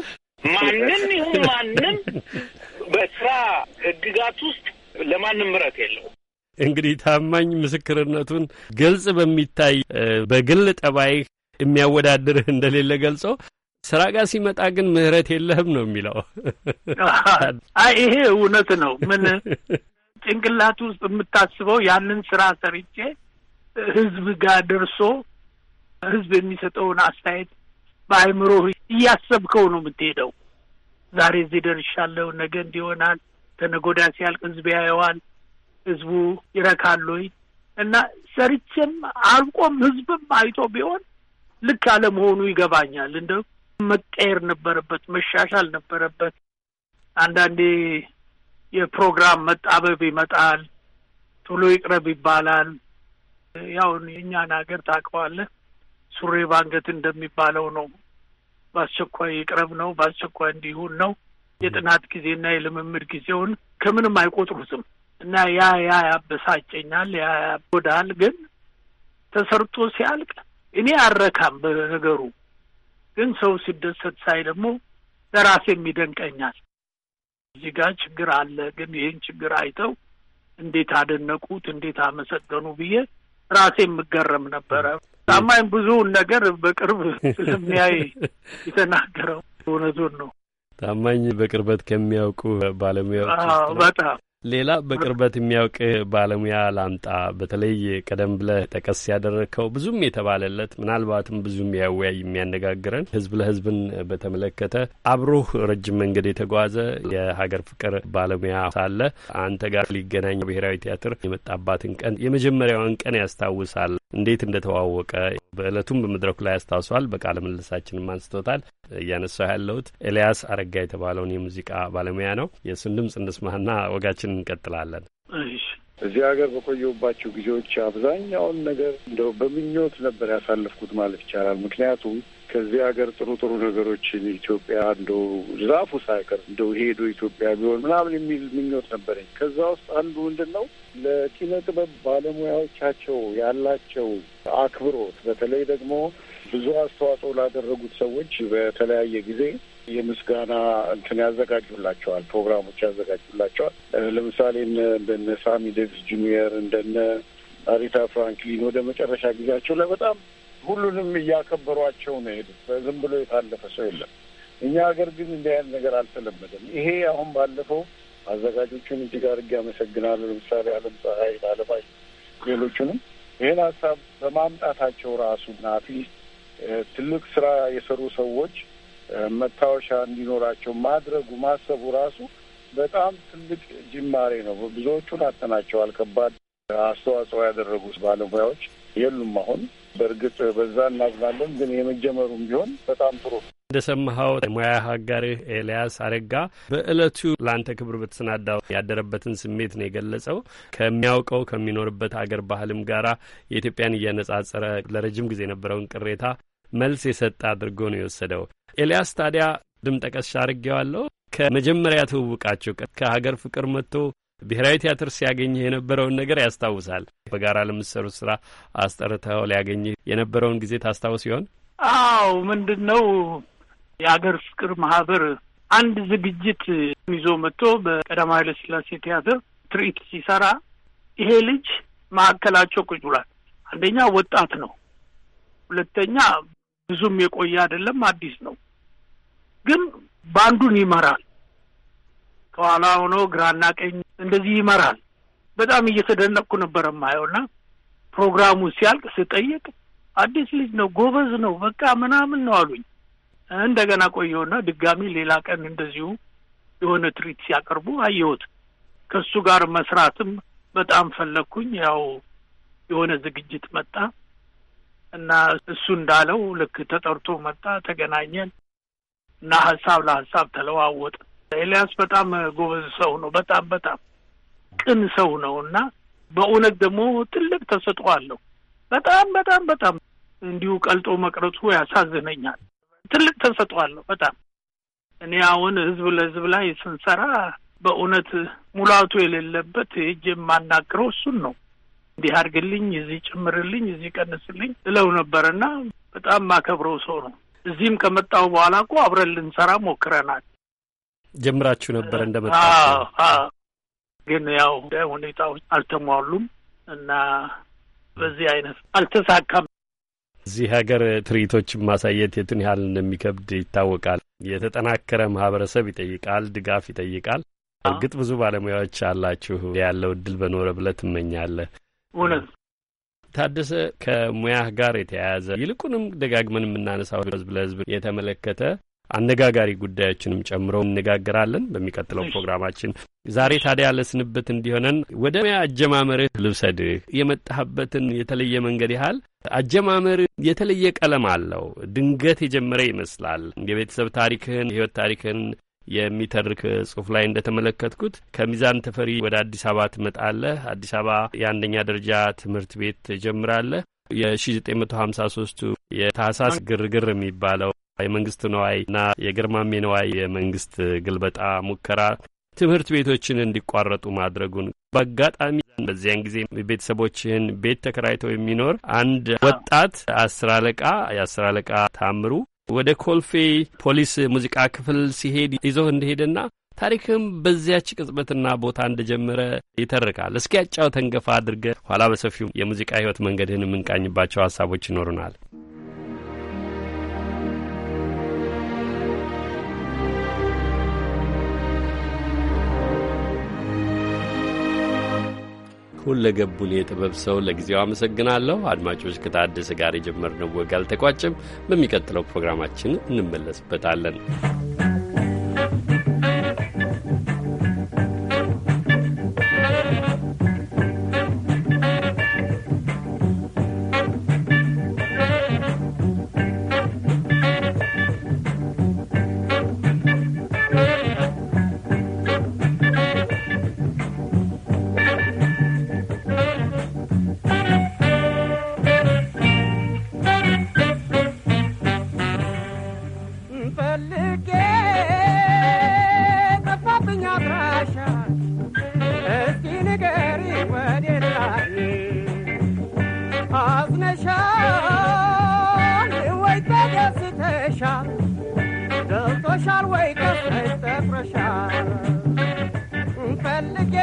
ማንም ይሁን ማንም በስራ ህግጋት ውስጥ ለማንም ምረት የለው? እንግዲህ ታማኝ ምስክርነቱን ግልጽ በሚታይ በግል ጠባይህ የሚያወዳድርህ እንደሌለ ገልጾ ስራ ጋር ሲመጣ ግን ምህረት የለህም ነው የሚለው። አይ ይሄ እውነት ነው። ምን ጭንቅላት ውስጥ የምታስበው ያንን ስራ ሰርቼ ህዝብ ጋር ደርሶ ህዝብ የሚሰጠውን አስተያየት በአእምሮ እያሰብከው ነው የምትሄደው። ዛሬ እዚህ ደርሻለሁ፣ ነገ እንዲሆናል፣ ተነጎዳ ሲያልቅ ህዝብ ያየዋል። ህዝቡ ወይ እና ሰርቼም አልቆም ህዝብም አይቶ ቢሆን ልክ አለመሆኑ ይገባኛል። እንደ መቀየር ነበረበት፣ መሻሻል ነበረበት። አንዳንዴ የፕሮግራም መጣበብ ይመጣል፣ ቶሎ ይቅረብ ይባላል። ያው የእኛን ሀገር ታውቀዋለህ፣ ሱሪ ባንገት እንደሚባለው ነው። በአስቸኳይ ይቅረብ ነው፣ በአስቸኳይ እንዲሁን ነው። የጥናት ጊዜና የልምምድ ጊዜውን ከምንም አይቆጥሩትም እና ያ ያ ያበሳጨኛል፣ ያ ያጎዳል። ግን ተሰርቶ ሲያልቅ እኔ አረካም በነገሩ ግን ሰው ሲደሰት ሳይ ደግሞ ለራሴም ይደንቀኛል። እዚህ ጋር ችግር አለ፣ ግን ይህን ችግር አይተው እንዴት አደነቁት፣ እንዴት አመሰገኑ ብዬ ራሴ የምገረም ነበረ። ታማኝ ብዙውን ነገር በቅርብ ስለሚያይ የተናገረው እውነቱን ነው። ታማኝ በቅርበት ከሚያውቁ ባለሙያዎች በጣም ሌላ በቅርበት የሚያውቅ ባለሙያ ላምጣ። በተለይ ቀደም ብለህ ጠቀስ ያደረግከው ብዙም የተባለለት ምናልባትም ብዙም ያወያይ የሚያነጋግረን ህዝብ ለህዝብን በተመለከተ አብሮህ ረጅም መንገድ የተጓዘ የሀገር ፍቅር ባለሙያ ሳለ አንተ ጋር ሊገናኝ ብሔራዊ ቲያትር የመጣባትን ቀን የመጀመሪያውን ቀን ያስታውሳል። እንዴት እንደተዋወቀ በእለቱም በመድረኩ ላይ ያስታውሷል። በቃለ ምልልሳችንም አንስቶታል። እያነሳሁ ያለሁት ኤልያስ አረጋ የተባለውን የሙዚቃ ባለሙያ ነው። የእሱን ድምፅ እንስማና ወጋችን እንቀጥላለን። እዚህ ሀገር በቆየሁባቸው ጊዜዎች አብዛኛውን ነገር እንደው በምኞት ነበር ያሳለፍኩት ማለት ይቻላል። ምክንያቱም ከዚህ ሀገር ጥሩ ጥሩ ነገሮችን ኢትዮጵያ እንደው ዛፉ ሳይቀር እንደው ሄዶ ኢትዮጵያ ቢሆን ምናምን የሚል ምኞት ነበረኝ። ከዛ ውስጥ አንዱ ምንድን ነው ለኪነ ጥበብ ባለሙያዎቻቸው ያላቸው አክብሮት፣ በተለይ ደግሞ ብዙ አስተዋጽኦ ላደረጉት ሰዎች በተለያየ ጊዜ የምስጋና እንትን ያዘጋጁላቸዋል፣ ፕሮግራሞች ያዘጋጁላቸዋል። ለምሳሌ እንደነ ሳሚ ዴቪስ ጁኒየር እንደነ አሪታ ፍራንክሊን ወደ መጨረሻ ጊዜያቸው ላይ በጣም ሁሉንም እያከበሯቸው ነው የሄዱት። ዝም ብሎ የታለፈ ሰው የለም። እኛ ሀገር ግን እንዲህ አይነት ነገር አልተለመደም። ይሄ አሁን ባለፈው አዘጋጆቹን እጅግ አድርጌ አመሰግናለሁ። ለምሳሌ አለም ፀሐይ፣ አለማይ ሌሎቹንም ይህን ሀሳብ በማምጣታቸው ራሱና አትሊስት ትልቅ ስራ የሰሩ ሰዎች መታወሻ እንዲኖራቸው ማድረጉ ማሰቡ ራሱ በጣም ትልቅ ጅማሬ ነው። ብዙዎቹን አጥተናቸዋል። ከባድ አስተዋጽኦ ያደረጉ ባለሙያዎች የሉም አሁን። በእርግጥ በዛ እናዝናለን፣ ግን የመጀመሩም ቢሆን በጣም ጥሩ እንደሰማኸው ሙያ ሀጋርህ ኤልያስ አረጋ በእለቱ ለአንተ ክብር በተሰናዳው ያደረበትን ስሜት ነው የገለጸው። ከሚያውቀው ከሚኖርበት አገር ባህልም ጋራ የኢትዮጵያን እያነጻጸረ ለረጅም ጊዜ የነበረውን ቅሬታ መልስ የሰጠ አድርጎ ነው የወሰደው። ኤልያስ ታዲያ ድም ጠቀስ አድርጌዋለሁ። ከመጀመሪያ ትውውቃችሁ ከሀገር ፍቅር መጥቶ ብሔራዊ ቲያትር ሲያገኝህ የነበረውን ነገር ያስታውሳል። በጋራ ለምትሰሩት ስራ አስጠርተው ሊያገኝህ የነበረውን ጊዜ ታስታውስ ይሆን? አዎ፣ ምንድን ነው የሀገር ፍቅር ማህበር አንድ ዝግጅት ይዞ መጥቶ በቀዳማዊ ኃይለ ሥላሴ ቲያትር ትርኢት ሲሰራ ይሄ ልጅ ማዕከላቸው ቁጭ ብሏል። አንደኛ ወጣት ነው፣ ሁለተኛ ብዙም የቆየ አይደለም፣ አዲስ ነው። ግን ባንዱን ይመራል፣ ከኋላ ሆኖ ግራና ቀኝ እንደዚህ ይመራል። በጣም እየተደነቅኩ ነበረ ማየውና ፕሮግራሙ ሲያልቅ ስጠየቅ አዲስ ልጅ ነው፣ ጎበዝ ነው፣ በቃ ምናምን ነው አሉኝ። እንደገና ቆየውና ድጋሚ ሌላ ቀን እንደዚሁ የሆነ ትርኢት ሲያቀርቡ አየሁት። ከእሱ ጋር መስራትም በጣም ፈለግኩኝ። ያው የሆነ ዝግጅት መጣ። እና እሱ እንዳለው ልክ ተጠርቶ መጣ፣ ተገናኘን እና ሀሳብ ለሀሳብ ተለዋወጥ። ኤልያስ በጣም ጎበዝ ሰው ነው። በጣም በጣም ቅን ሰው ነው እና በእውነት ደግሞ ትልቅ ተሰጥኦ አለው። በጣም በጣም በጣም እንዲሁ ቀልጦ መቅረቱ ያሳዝነኛል። ትልቅ ተሰጥኦ አለው በጣም እኔ አሁን ህዝብ ለህዝብ ላይ ስንሰራ በእውነት ሙላቱ የሌለበት እጅ የማናግረው እሱን ነው። እንዲህ አድርግልኝ፣ እዚህ ጭምርልኝ እዚህ ቀንስልኝ እለው ነበርና በጣም ማከብረው ሰው ነው። እዚህም ከመጣው በኋላ እኮ አብረን ልንሰራ ሞክረናል። ጀምራችሁ ነበር እንደመጣ ግን ያው ሁኔታዎች አልተሟሉም እና በዚህ አይነት አልተሳካም። እዚህ ሀገር ትርኢቶችን ማሳየት የቱን ያህል እንደሚከብድ ይታወቃል። የተጠናከረ ማህበረሰብ ይጠይቃል፣ ድጋፍ ይጠይቃል። እርግጥ ብዙ ባለሙያዎች አላችሁ። ያለው እድል በኖረ ብለህ ትመኛለህ። እውነት ታደሰ ከሙያህ ጋር የተያያዘ ይልቁንም ደጋግመን የምናነሳው ህዝብ ለህዝብ የተመለከተ አነጋጋሪ ጉዳዮችንም ጨምሮ እነጋገራለን በሚቀጥለው ፕሮግራማችን። ዛሬ ታዲያ ለስንበት እንዲሆነን ወደ ሙያ አጀማመርህ ልውሰድህ። የመጣህበትን የተለየ መንገድ ያህል አጀማመር የተለየ ቀለም አለው። ድንገት የጀመረ ይመስላል። የቤተሰብ ታሪክህን፣ የህይወት ታሪክህን የሚተርክ ጽሁፍ ላይ እንደተመለከትኩት ከሚዛን ተፈሪ ወደ አዲስ አበባ ትመጣለህ። አዲስ አበባ የአንደኛ ደረጃ ትምህርት ቤት ትጀምራለህ። የ1953ቱ የታህሳስ ግርግር የሚባለው የመንግስት ነዋይና የግርማሜ ነዋይ የመንግስት ግልበጣ ሙከራ ትምህርት ቤቶችን እንዲቋረጡ ማድረጉን በአጋጣሚ በዚያን ጊዜ ቤተሰቦችህን ቤት ተከራይተው የሚኖር አንድ ወጣት አስር አለቃ የአስር አለቃ ታምሩ ወደ ኮልፌ ፖሊስ ሙዚቃ ክፍል ሲሄድ ይዞህ እንደሄደና ታሪክም በዚያች ቅጽበትና ቦታ እንደጀመረ ይተርካል። እስኪ ያጫው ተንገፋ አድርገ ኋላ በሰፊው የሙዚቃ ህይወት መንገድህን የምንቃኝባቸው ሀሳቦች ይኖሩናል። ሁለገቡን የጥበብ ሰው ለጊዜው አመሰግናለሁ። አድማጮች፣ ከታደሰ ጋር የጀመርነው ወግ አልተቋጨም። በሚቀጥለው ፕሮግራማችን እንመለስበታለን። ፈልጌ ጠፋብኝ አድራሻሽ እስኪ ንገሪ ወዴት ላይ አዝነሻል ወይ ተደስተሻል ደልቶሻል ወይ ከፍለሽ ተፍረሻል ፈልጌ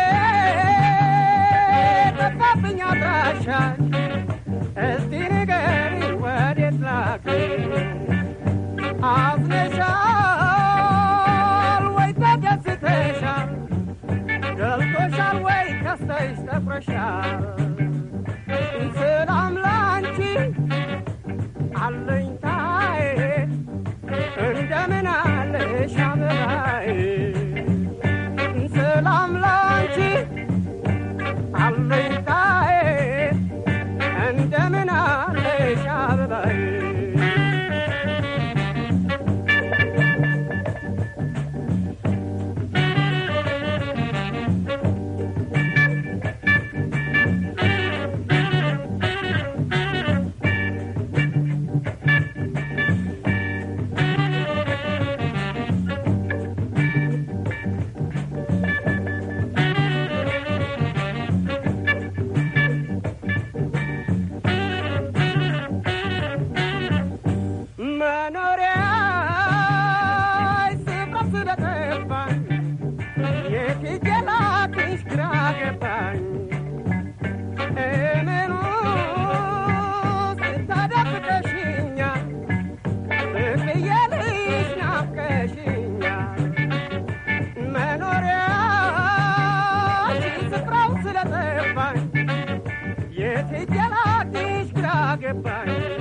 ጠፋብኝ አድራሻሽ I'll wait, I'll stay, stay ስለጠፋኝ የትጀላትሽ ግራ ገባኝ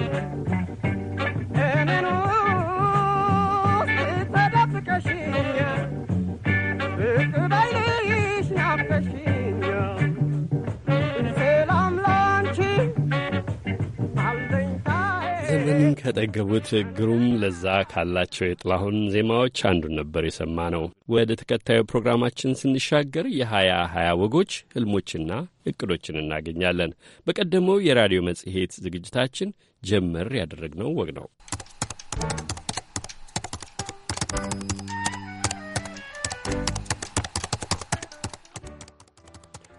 ከጠገቡት ግሩም ለዛ ካላቸው የጥላሁን ዜማዎች አንዱን ነበር የሰማ ነው። ወደ ተከታዩ ፕሮግራማችን ስንሻገር የሀያ ሀያ ወጎች ህልሞችና እቅዶችን እናገኛለን። በቀደመው የራዲዮ መጽሔት ዝግጅታችን ጀመር ያደረግነው ወግ ነው።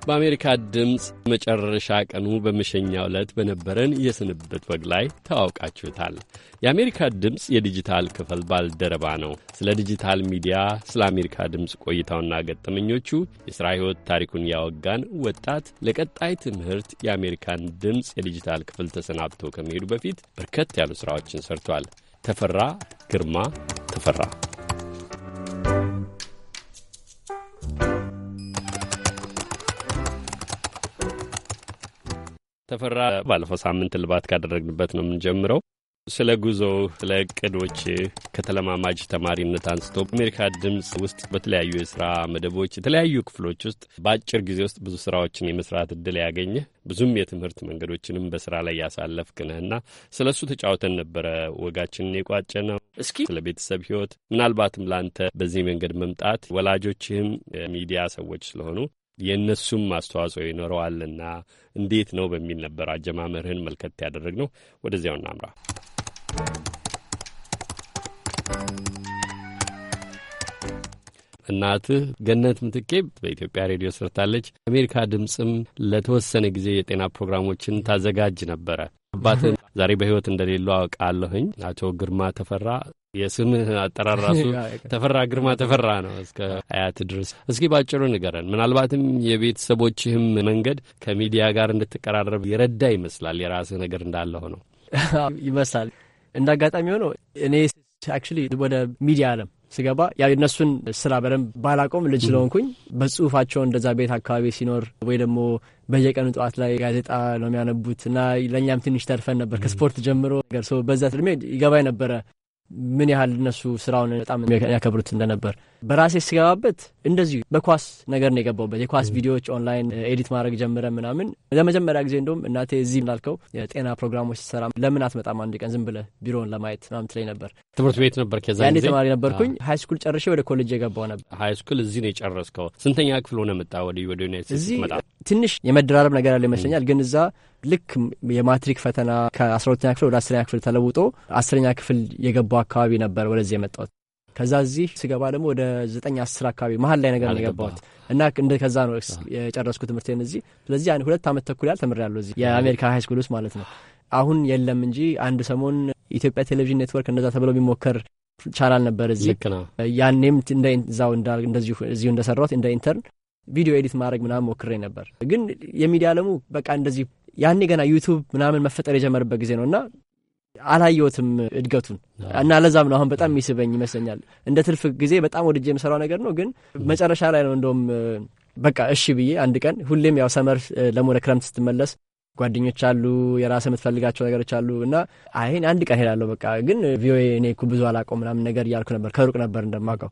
በአሜሪካ ድምፅ መጨረሻ ቀኑ በመሸኛ ዕለት በነበረን የስንብት ወግ ላይ ተዋውቃችሁታል። የአሜሪካ ድምፅ የዲጂታል ክፍል ባልደረባ ነው። ስለ ዲጂታል ሚዲያ፣ ስለ አሜሪካ ድምፅ ቆይታውና ገጠመኞቹ የሥራ ሕይወት ታሪኩን ያወጋን ወጣት ለቀጣይ ትምህርት የአሜሪካን ድምፅ የዲጂታል ክፍል ተሰናብቶ ከመሄዱ በፊት በርከት ያሉ ሥራዎችን ሰርቷል። ተፈራ ግርማ ተፈራ ተፈራ ባለፈው ሳምንት እልባት ካደረግንበት ነው የምንጀምረው። ስለ ጉዞ፣ ስለ እቅዶች ከተለማማጅ ተማሪነት አንስቶ በአሜሪካ ድምፅ ውስጥ በተለያዩ የስራ መደቦች የተለያዩ ክፍሎች ውስጥ በአጭር ጊዜ ውስጥ ብዙ ስራዎችን የመስራት እድል ያገኘ ብዙም የትምህርት መንገዶችንም በስራ ላይ ያሳለፍክ ነህና ስለ እሱ ተጫውተን ነበረ። ወጋችንን የቋጨ ነው። እስኪ ስለ ቤተሰብ ህይወት ምናልባትም ለአንተ በዚህ መንገድ መምጣት ወላጆችህም ሚዲያ ሰዎች ስለሆኑ የእነሱም አስተዋጽኦ ይኖረዋልና እንዴት ነው በሚል ነበር አጀማመርህን መልከት ያደረግነው። ወደዚያው እናምራ። እናትህ ገነት ምትኬ በኢትዮጵያ ሬዲዮ ሰርታለች። አሜሪካ ድምፅም ለተወሰነ ጊዜ የጤና ፕሮግራሞችን ታዘጋጅ ነበረ። አባትህ ዛሬ በሕይወት እንደሌሉ አውቃለሁኝ። አቶ ግርማ ተፈራ የስምህ አጠራር ራሱ ተፈራ ግርማ ተፈራ ነው እስከ አያት ድረስ። እስኪ ባጭሩ ንገረን። ምናልባትም የቤተሰቦችህም መንገድ ከሚዲያ ጋር እንድትቀራረብ የረዳ ይመስላል። የራስህ ነገር እንዳለ ሆነው ይመስላል። እንደ አጋጣሚ ሆነው እኔ አክቹዋሊ ወደ ሚዲያ አለም ስገባ ያው የእነሱን ስራ በደንብ ባላቆም ልጅ ስለሆንኩኝ በጽሁፋቸው እንደዛ ቤት አካባቢ ሲኖር ወይ ደግሞ በየቀኑ ጠዋት ላይ ጋዜጣ ነው የሚያነቡት እና ለእኛም ትንሽ ተርፈን ነበር ከስፖርት ጀምሮ ገር በዛ እድሜ ይገባኝ ነበረ ምን ያህል እነሱ ስራውን በጣም ያከብሩት እንደነበር በራሴ ስገባበት እንደዚሁ በኳስ ነገር ነው የገባውበት። የኳስ ቪዲዮዎች ኦንላይን ኤዲት ማድረግ ጀምረ ምናምን። ለመጀመሪያ ጊዜ እንደውም እናቴ እዚህ ላልከው የጤና ፕሮግራሞች ስሰራ ለምን አትመጣም አንድ ቀን ዝም ብለህ ቢሮውን ለማየት ምናምን ትለኝ ነበር። ትምህርት ቤት ነበር። ከዛ ጊዜ ተማሪ ነበርኩኝ። ሀይ ስኩል ጨርሼ ወደ ኮሌጅ የገባው ነበር። ሀይ ስኩል እዚህ ነው የጨረስከው? ስንተኛ ክፍል ሆነ መጣ ወደ ዩኒቨርሲቲ? ስቴትስ መጣ? ትንሽ የመደራረብ ነገር ያለው ይመስለኛል ግን እዛ ልክ የማትሪክ ፈተና ከ ከአስራ ሁለተኛ ክፍል ወደ አስረኛ ክፍል ተለውጦ አስረኛ ክፍል የገባው አካባቢ ነበር ወደዚህ የመጣሁት። ከዛ እዚህ ስገባ ደግሞ ወደ ዘጠኝ አስር አካባቢ መሀል ላይ ነገር ነው የገባሁት እና እንደ ከዛ ነው የጨረስኩ ትምህርቴን እዚህ። ስለዚህ ሁለት ዓመት ተኩል ያህል ተምሬያለሁ እዚህ የአሜሪካ ሀይ ስኩል ውስጥ ማለት ነው። አሁን የለም እንጂ አንድ ሰሞን ኢትዮጵያ ቴሌቪዥን ኔትወርክ እንደዛ ተብሎ ቢሞከር ቻላል ነበር እዚህ። ያኔም እዛው እንደዚሁ እዚሁ እንደሰራሁት እንደ ኢንተርን ቪዲዮ ኤዲት ማድረግ ምናምን ሞክሬ ነበር። ግን የሚዲያ አለሙ በቃ እንደዚህ ያኔ ገና ዩቱብ ምናምን መፈጠር የጀመርበት ጊዜ ነው እና አላየሁትም እድገቱን እና ለዛም ነው አሁን በጣም የሚስበኝ ይመስለኛል። እንደ ትርፍ ጊዜ በጣም ወድጄ የምሰራው ነገር ነው። ግን መጨረሻ ላይ ነው እንደውም በቃ እሺ ብዬ አንድ ቀን ሁሌም ያው ሰመር ለሞደ ክረምት ስትመለስ ጓደኞች አሉ፣ የራስ የምትፈልጋቸው ነገሮች አሉ እና አይን አንድ ቀን ሄዳለሁ በቃ ግን ቪኦኤ እኔ እኮ ብዙ አላውቀውም ምናምን ነገር እያልኩ ነበር ከሩቅ ነበር እንደማውቀው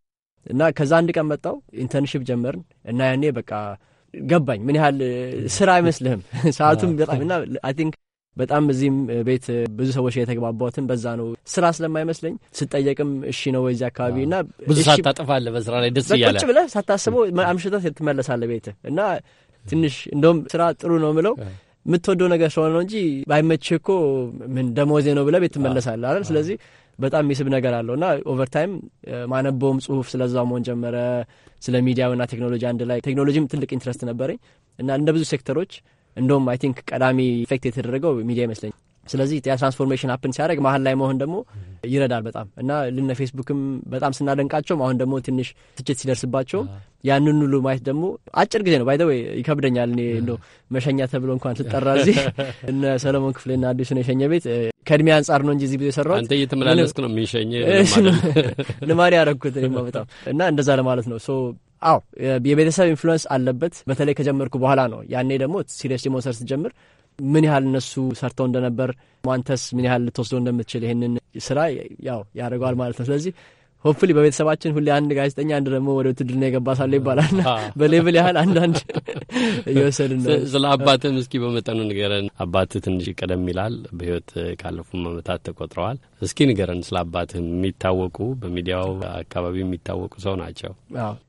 እና ከዛ አንድ ቀን መጣው ኢንተርንሽፕ ጀመርን እና ያኔ በቃ ገባኝ። ምን ያህል ስራ አይመስልህም ሰዓቱም በጣም እና አይ ቲንክ በጣም እዚህም ቤት ብዙ ሰዎች የተግባባሁትን በዛ ነው። ስራ ስለማይመስለኝ ስጠየቅም እሺ ነው ወይዚህ አካባቢ እና ብዙ ሳታጥፋለህ በስራ ላይ ደስ እያለ ቁጭ ብለህ ሳታስበው አምሽተህ ትመለሳለህ ቤት እና ትንሽ እንደውም ስራ ጥሩ ነው ምለው የምትወደው ነገር ስለሆነ ነው እንጂ ባይመችህ እኮ ምን ደሞዜ ነው ብለህ ቤት ትመለሳለህ አይደል? ስለዚህ በጣም የሚስብ ነገር አለው እና ኦቨርታይም ማነበውም ጽሁፍ ስለዛ መሆን ጀመረ። ስለ ሚዲያና ቴክኖሎጂ አንድ ላይ ቴክኖሎጂም ትልቅ ኢንትረስት ነበረኝ እና እንደ ብዙ ሴክተሮች እንደውም አይ ቲንክ ቀዳሚ ኢፌክት የተደረገው ሚዲያ ይመስለኛል። ስለዚህ ያ ትራንስፎርሜሽን አፕን ሲያደርግ መሀል ላይ መሆን ደግሞ ይረዳል በጣም እና ልነ ፌስቡክም በጣም ስናደንቃቸውም አሁን ደግሞ ትንሽ ትችት ሲደርስባቸውም ያንን ሁሉ ማየት ደግሞ አጭር ጊዜ ነው ባይደ ወይ ይከብደኛል። እኔ እንደው መሸኛ ተብሎ እንኳን ስጠራ እዚህ እነ ሰለሞን ክፍሌና አዲሱን የሸኘ ቤት ከእድሜ አንጻር ነው እንጂ እዚህ ብዙ የሰራሁት አንተ እየተመላለስክ ነው የሚሸኘ ልማድ ያደረግኩት በጣም እና እንደዛ ለማለት ነው አዎ የቤተሰብ ኢንፍሉዌንስ አለበት። በተለይ ከጀመርኩ በኋላ ነው። ያኔ ደግሞ ሲሪየስ መውሰድ ስትጀምር ምን ያህል እነሱ ሰርተው እንደነበር ሟንተስ ምን ያህል ልትወስደው እንደምትችል ይህንን ስራ ያው ያደርገዋል ማለት ነው። ስለዚህ ሆፕፍሊ በቤተሰባችን ሁሌ አንድ ጋዜጠኛ አንድ ደግሞ ወደ ውትድርና የገባ ሳለ ይባላል። በሌብል ያህል አንዳንድ እየወሰድ ነው። ስለ አባትም እስኪ በመጠኑ ንገረን። አባት ትንሽ ቀደም ይላል፣ በህይወት ካለፉ ዓመታት ተቆጥረዋል። እስኪ ንገረን ስለ አባትህም። የሚታወቁ በሚዲያው አካባቢ የሚታወቁ ሰው ናቸው።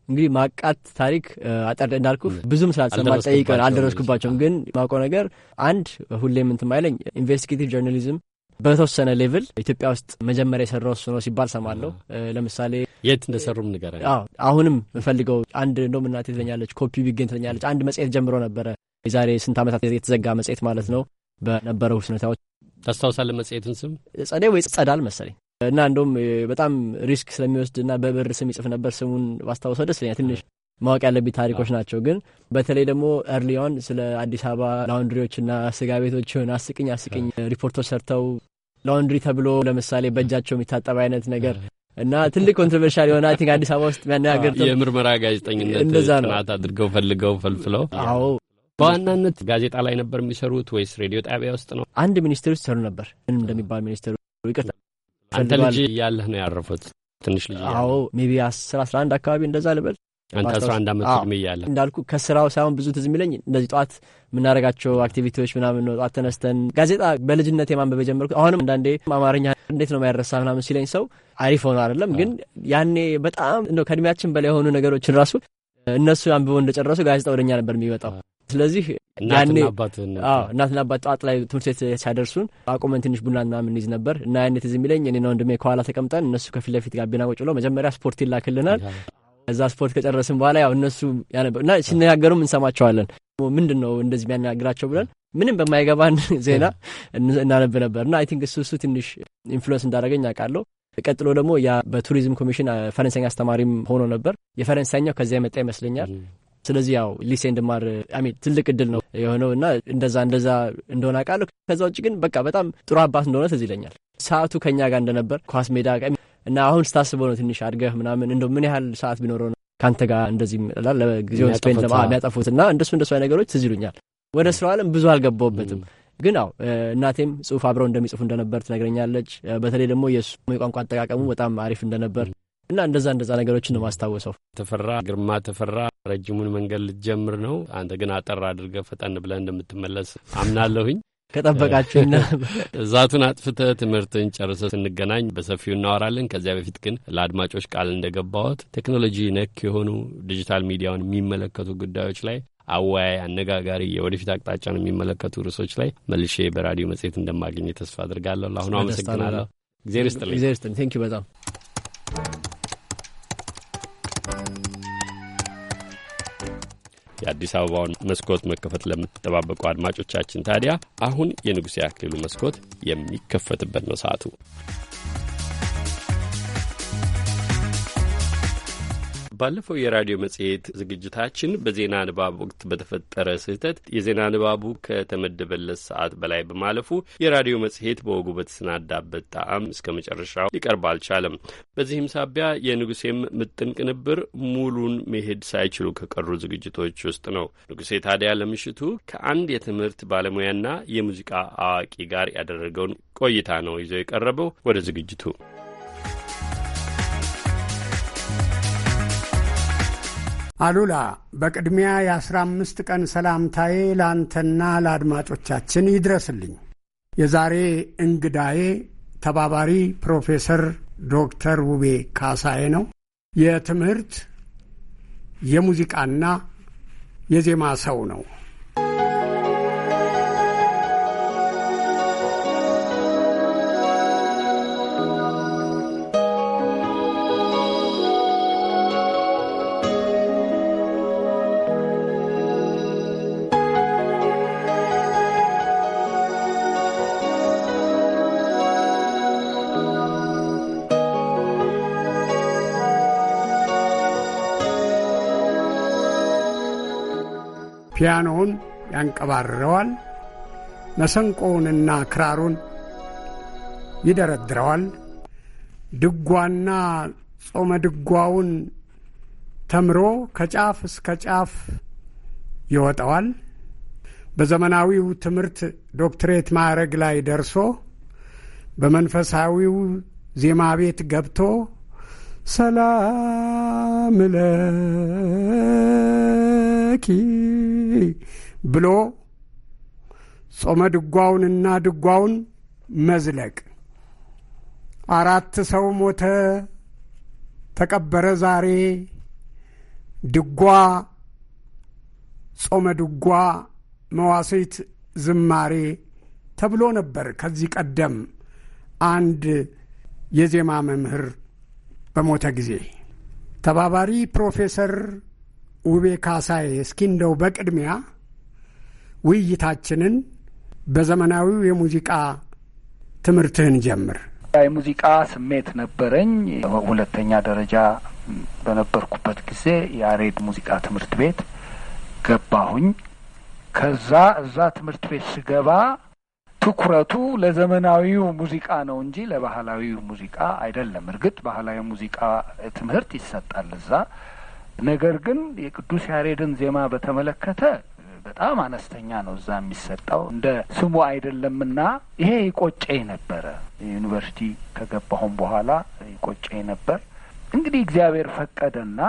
እንግዲህ ማቃት ታሪክ አጠር እንዳልኩ ብዙም ስላልሰማ ጠይቀን አልደረስኩባቸውም። ግን ማውቀው ነገር አንድ ሁሌም እንትን ማይለኝ ኢንቨስቲጌቲቭ ጆርናሊዝም በተወሰነ ሌቭል ኢትዮጵያ ውስጥ መጀመሪያ የሰራው እሱ ነው ሲባል ሰማለሁ። ለምሳሌ የት እንደሰሩም ንገረ። አሁንም የምፈልገው አንድ እንደውም እናቴ ትለኛለች፣ ኮፒ ቢገኝ ትለኛለች። አንድ መጽሔት ጀምሮ ነበረ የዛሬ ስንት ዓመታት የተዘጋ መጽሔት ማለት ነው። በነበረው ሁኔታዎች ታስታውሳለህ? መጽሔቱን ስም ጸደ ወይ ጸዳል መሰለኝ እና እንደውም በጣም ሪስክ ስለሚወስድ እና በብር ስም ይጽፍ ነበር። ስሙን ባስታውሰው ደስ ይለኛል ትንሽ ማወቅ ያለብኝ ታሪኮች ናቸው። ግን በተለይ ደግሞ እርሊዮን ስለ አዲስ አበባ ላውንድሪዎችና ስጋ ቤቶችን አስቅኝ አስቅኝ ሪፖርቶች ሰርተው ላውንድሪ ተብሎ ለምሳሌ በእጃቸው የሚታጠብ አይነት ነገር እና ትልቅ ኮንትሮቨርሻል የሆነ አይ ቲንክ አዲስ አበባ ውስጥ የሚያነጋገር የምርመራ ጋዜጠኝነት ነው ጥናት አድርገው ፈልገው ፈልፍለው። አዎ በዋናነት ጋዜጣ ላይ ነበር የሚሰሩት ወይስ ሬዲዮ ጣቢያ ውስጥ ነው? አንድ ሚኒስቴር ውስጥ ሰሩ ነበር። ምን እንደሚባል ሚኒስቴሩ ይቅርታ፣ አንተ ልጅ እያለህ ነው ያረፉት? ትንሽ ልጅ አዎ፣ ሜቢ አስር አስራ አንድ አካባቢ እንደዛ ልበል አንተ አስራ አንድ ዓመት ዕድሜ እያለ እንዳልኩ ከስራው ሳይሆን ብዙ ትዝ የሚለኝ እንደዚህ ጠዋት የምናደርጋቸው አክቲቪቲዎች ምናምን ነው። ጠዋት ተነስተን ጋዜጣ በልጅነት የማንበብ የጀመርኩት አሁንም አንዳንዴ አማርኛ እንዴት ነው የማይረሳ ምናምን ሲለኝ ሰው አሪፍ ሆኖ አይደለም ግን ያኔ በጣም እንደው ከእድሜያችን በላይ የሆኑ ነገሮችን ራሱ እነሱ አንብቦ እንደጨረሱ ጋዜጣ ወደኛ ነበር የሚመጣው። ስለዚህ ያኔ እናትና አባት ጠዋት ላይ ትምህርት ቤት ሲያደርሱን አቁመን ትንሽ ቡና ምናምን እንይዝ ነበር እና ያኔ ትዝ የሚለኝ እኔና ወንድሜ ከኋላ ተቀምጠን እነሱ ከፊት ለፊት ጋቢና ቁጭ ብለው መጀመሪያ ስፖርት ይላክልናል እዛ ስፖርት ከጨረስን በኋላ ያው እነሱ እና ሲነጋገሩም እንሰማቸዋለን። ምንድን ነው እንደዚህ የሚያነጋግራቸው ብለን ምንም በማይገባን ዜና እናነብ ነበር እና አይ ቲንክ እሱ እሱ ትንሽ ኢንፍሉዌንስ እንዳደረገኝ አውቃለሁ። ቀጥሎ ደግሞ በቱሪዝም ኮሚሽን ፈረንሳይኛ አስተማሪም ሆኖ ነበር። የፈረንሳይኛው ከዚያ የመጣ ይመስለኛል። ስለዚህ ያው ሊሴ እንድማር አሜን ትልቅ እድል ነው የሆነው እና እንደዛ እንደዛ እንደሆነ አውቃለሁ። ከዛ ውጭ ግን በቃ በጣም ጥሩ አባት እንደሆነ ትዝ ይለኛል። ሰዓቱ ከኛ ጋር እንደነበር ኳስ ሜዳ እና አሁን ስታስበው ነው ትንሽ አድገህ ምናምን እንደ ምን ያህል ሰዓት ቢኖረው ነው ከአንተ ጋር እንደዚህ ለጊዜውን ስፔን የሚያጠፉት እና እንደሱ እንደሱ ነገሮች ትዝ ይሉኛል። ወደ ስራው አለም ብዙ አልገባውበትም ግን አው እናቴም ጽሁፍ አብረው እንደሚጽፉ እንደነበር ትነግረኛለች። በተለይ ደግሞ የእሱ የቋንቋ አጠቃቀሙ በጣም አሪፍ እንደነበር እና እንደዛ እንደዛ ነገሮችን ነው ማስታወሰው። ተፈራ ግርማ ተፈራ ረጅሙን መንገድ ልትጀምር ነው። አንተ ግን አጠር አድርገህ ፈጠን ብለህ እንደምትመለስ አምናለሁኝ። ከጠበቃችሁና እዛቱን አጥፍተ ትምህርትን ጨርሰ ስንገናኝ በሰፊው እናወራለን። ከዚያ በፊት ግን ለአድማጮች ቃል እንደገባሁት ቴክኖሎጂ ነክ የሆኑ ዲጂታል ሚዲያውን የሚመለከቱ ጉዳዮች ላይ አወያይ፣ አነጋጋሪ የወደፊት አቅጣጫን የሚመለከቱ ርዕሶች ላይ መልሼ በራዲዮ መጽሔት እንደማገኝ ተስፋ አድርጋለሁ። ለአሁኑ አመሰግናለሁ። እግዜር ይስጥልኝ። እግዜር ይስጥልኝ። ቴንኪው በጣም የአዲስ አበባውን መስኮት መከፈት ለምትጠባበቁ አድማጮቻችን ታዲያ አሁን የንጉሴ አክሊሉ መስኮት የሚከፈትበት ነው ሰዓቱ። ባለፈው የራዲዮ መጽሔት ዝግጅታችን በዜና ንባብ ወቅት በተፈጠረ ስህተት የዜና ንባቡ ከተመደበለት ሰዓት በላይ በማለፉ የራዲዮ መጽሔት በወጉ በተሰናዳበት ጣዕም እስከ መጨረሻው ሊቀርብ አልቻለም። በዚህም ሳቢያ የንጉሴም ምጥን ቅንብር ሙሉን መሄድ ሳይችሉ ከቀሩ ዝግጅቶች ውስጥ ነው። ንጉሴ ታዲያ ለምሽቱ ከአንድ የትምህርት ባለሙያና የሙዚቃ አዋቂ ጋር ያደረገውን ቆይታ ነው ይዞ የቀረበው። ወደ ዝግጅቱ አሉላ፣ በቅድሚያ የአስራ አምስት ቀን ሰላምታዬ ለአንተና ለአድማጮቻችን ይድረስልኝ። የዛሬ እንግዳዬ ተባባሪ ፕሮፌሰር ዶክተር ውቤ ካሳዬ ነው። የትምህርት የሙዚቃና የዜማ ሰው ነው። ፒያኖውን ያንቀባርረዋል፣ መሰንቆውንና ክራሩን ይደረድረዋል። ድጓና ጾመ ድጓውን ተምሮ ከጫፍ እስከ ጫፍ ይወጠዋል። በዘመናዊው ትምህርት ዶክትሬት ማዕረግ ላይ ደርሶ በመንፈሳዊው ዜማ ቤት ገብቶ ሰላም ለኪ ብሎ ጾመ ድጓውንና ድጓውን መዝለቅ አራት ሰው ሞተ ተቀበረ ዛሬ ድጓ ጾመ ድጓ መዋሴት ዝማሬ ተብሎ ነበር። ከዚህ ቀደም አንድ የዜማ መምህር በሞተ ጊዜ ተባባሪ ፕሮፌሰር ውቤ ካሳዬ፣ እስኪ እንደው በቅድሚያ ውይይታችንን በዘመናዊው የሙዚቃ ትምህርትህን ጀምር። የሙዚቃ ስሜት ነበረኝ። ሁለተኛ ደረጃ በነበርኩበት ጊዜ የአሬድ ሙዚቃ ትምህርት ቤት ገባሁኝ። ከዛ እዛ ትምህርት ቤት ስገባ ትኩረቱ ለዘመናዊው ሙዚቃ ነው እንጂ ለባህላዊው ሙዚቃ አይደለም። እርግጥ ባህላዊ ሙዚቃ ትምህርት ይሰጣል እዛ ነገር ግን የቅዱስ ያሬድን ዜማ በተመለከተ በጣም አነስተኛ ነው እዛ የሚሰጠው እንደ ስሙ አይደለምና ይሄ ይቆጨኝ ነበረ። ዩኒቨርሲቲ ከገባሁም በኋላ ይቆጨኝ ነበር። እንግዲህ እግዚአብሔር ፈቀደና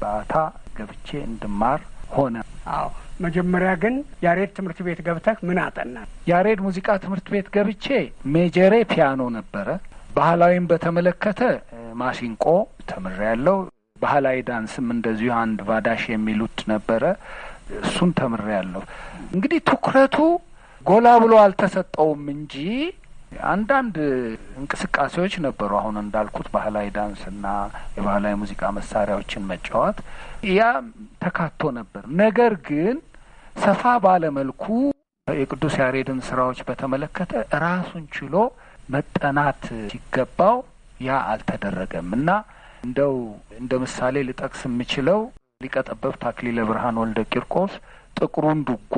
በአታ ገብቼ እንድማር ሆነ። አዎ መጀመሪያ ግን ያሬድ ትምህርት ቤት ገብተህ ምን አጠና? ያሬድ ሙዚቃ ትምህርት ቤት ገብቼ ሜጀሬ ፒያኖ ነበረ። ባህላዊም በተመለከተ ማሲንቆ ተምሬያለሁ። ባህላዊ ዳንስም እንደዚሁ አንድ ቫዳሽ የሚሉት ነበረ። እሱን ተምሬ ያለሁ። እንግዲህ ትኩረቱ ጎላ ብሎ አልተሰጠውም እንጂ አንዳንድ እንቅስቃሴዎች ነበሩ። አሁን እንዳልኩት ባህላዊ ዳንስና የባህላዊ ሙዚቃ መሳሪያዎችን መጫወት ያ ተካቶ ነበር። ነገር ግን ሰፋ ባለ መልኩ የቅዱስ ያሬድን ስራዎች በተመለከተ ራሱን ችሎ መጠናት ሲገባው ያ አልተደረገም እና እንደው እንደ ምሳሌ ልጠቅስ የምችለው ሊቀ ጠበብት አክሊለ ብርሃን ወልደ ቂርቆስ ጥቁሩን ድጓ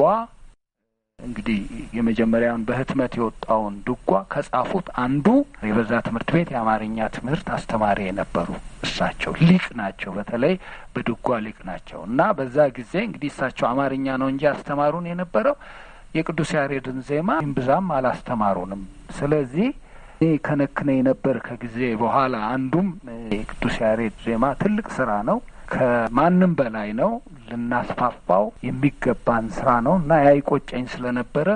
እንግዲህ የመጀመሪያውን በህትመት የወጣውን ድጓ ከጻፉት አንዱ የበዛ ትምህርት ቤት የአማርኛ ትምህርት አስተማሪ የነበሩ እሳቸው ሊቅ ናቸው። በተለይ በድጓ ሊቅ ናቸው እና በዛ ጊዜ እንግዲህ እሳቸው አማርኛ ነው እንጂ አስተማሩን የነበረው የቅዱስ ያሬድን ዜማ ብዛም አላስተማሩንም። ስለዚህ ከነክነኝ ነበር ከጊዜ በኋላ አንዱም የቅዱስ ያሬድ ዜማ ትልቅ ስራ ነው። ከማንም በላይ ነው። ልናስፋፋው የሚገባን ስራ ነው እና ያይቆጨኝ ስለነበረ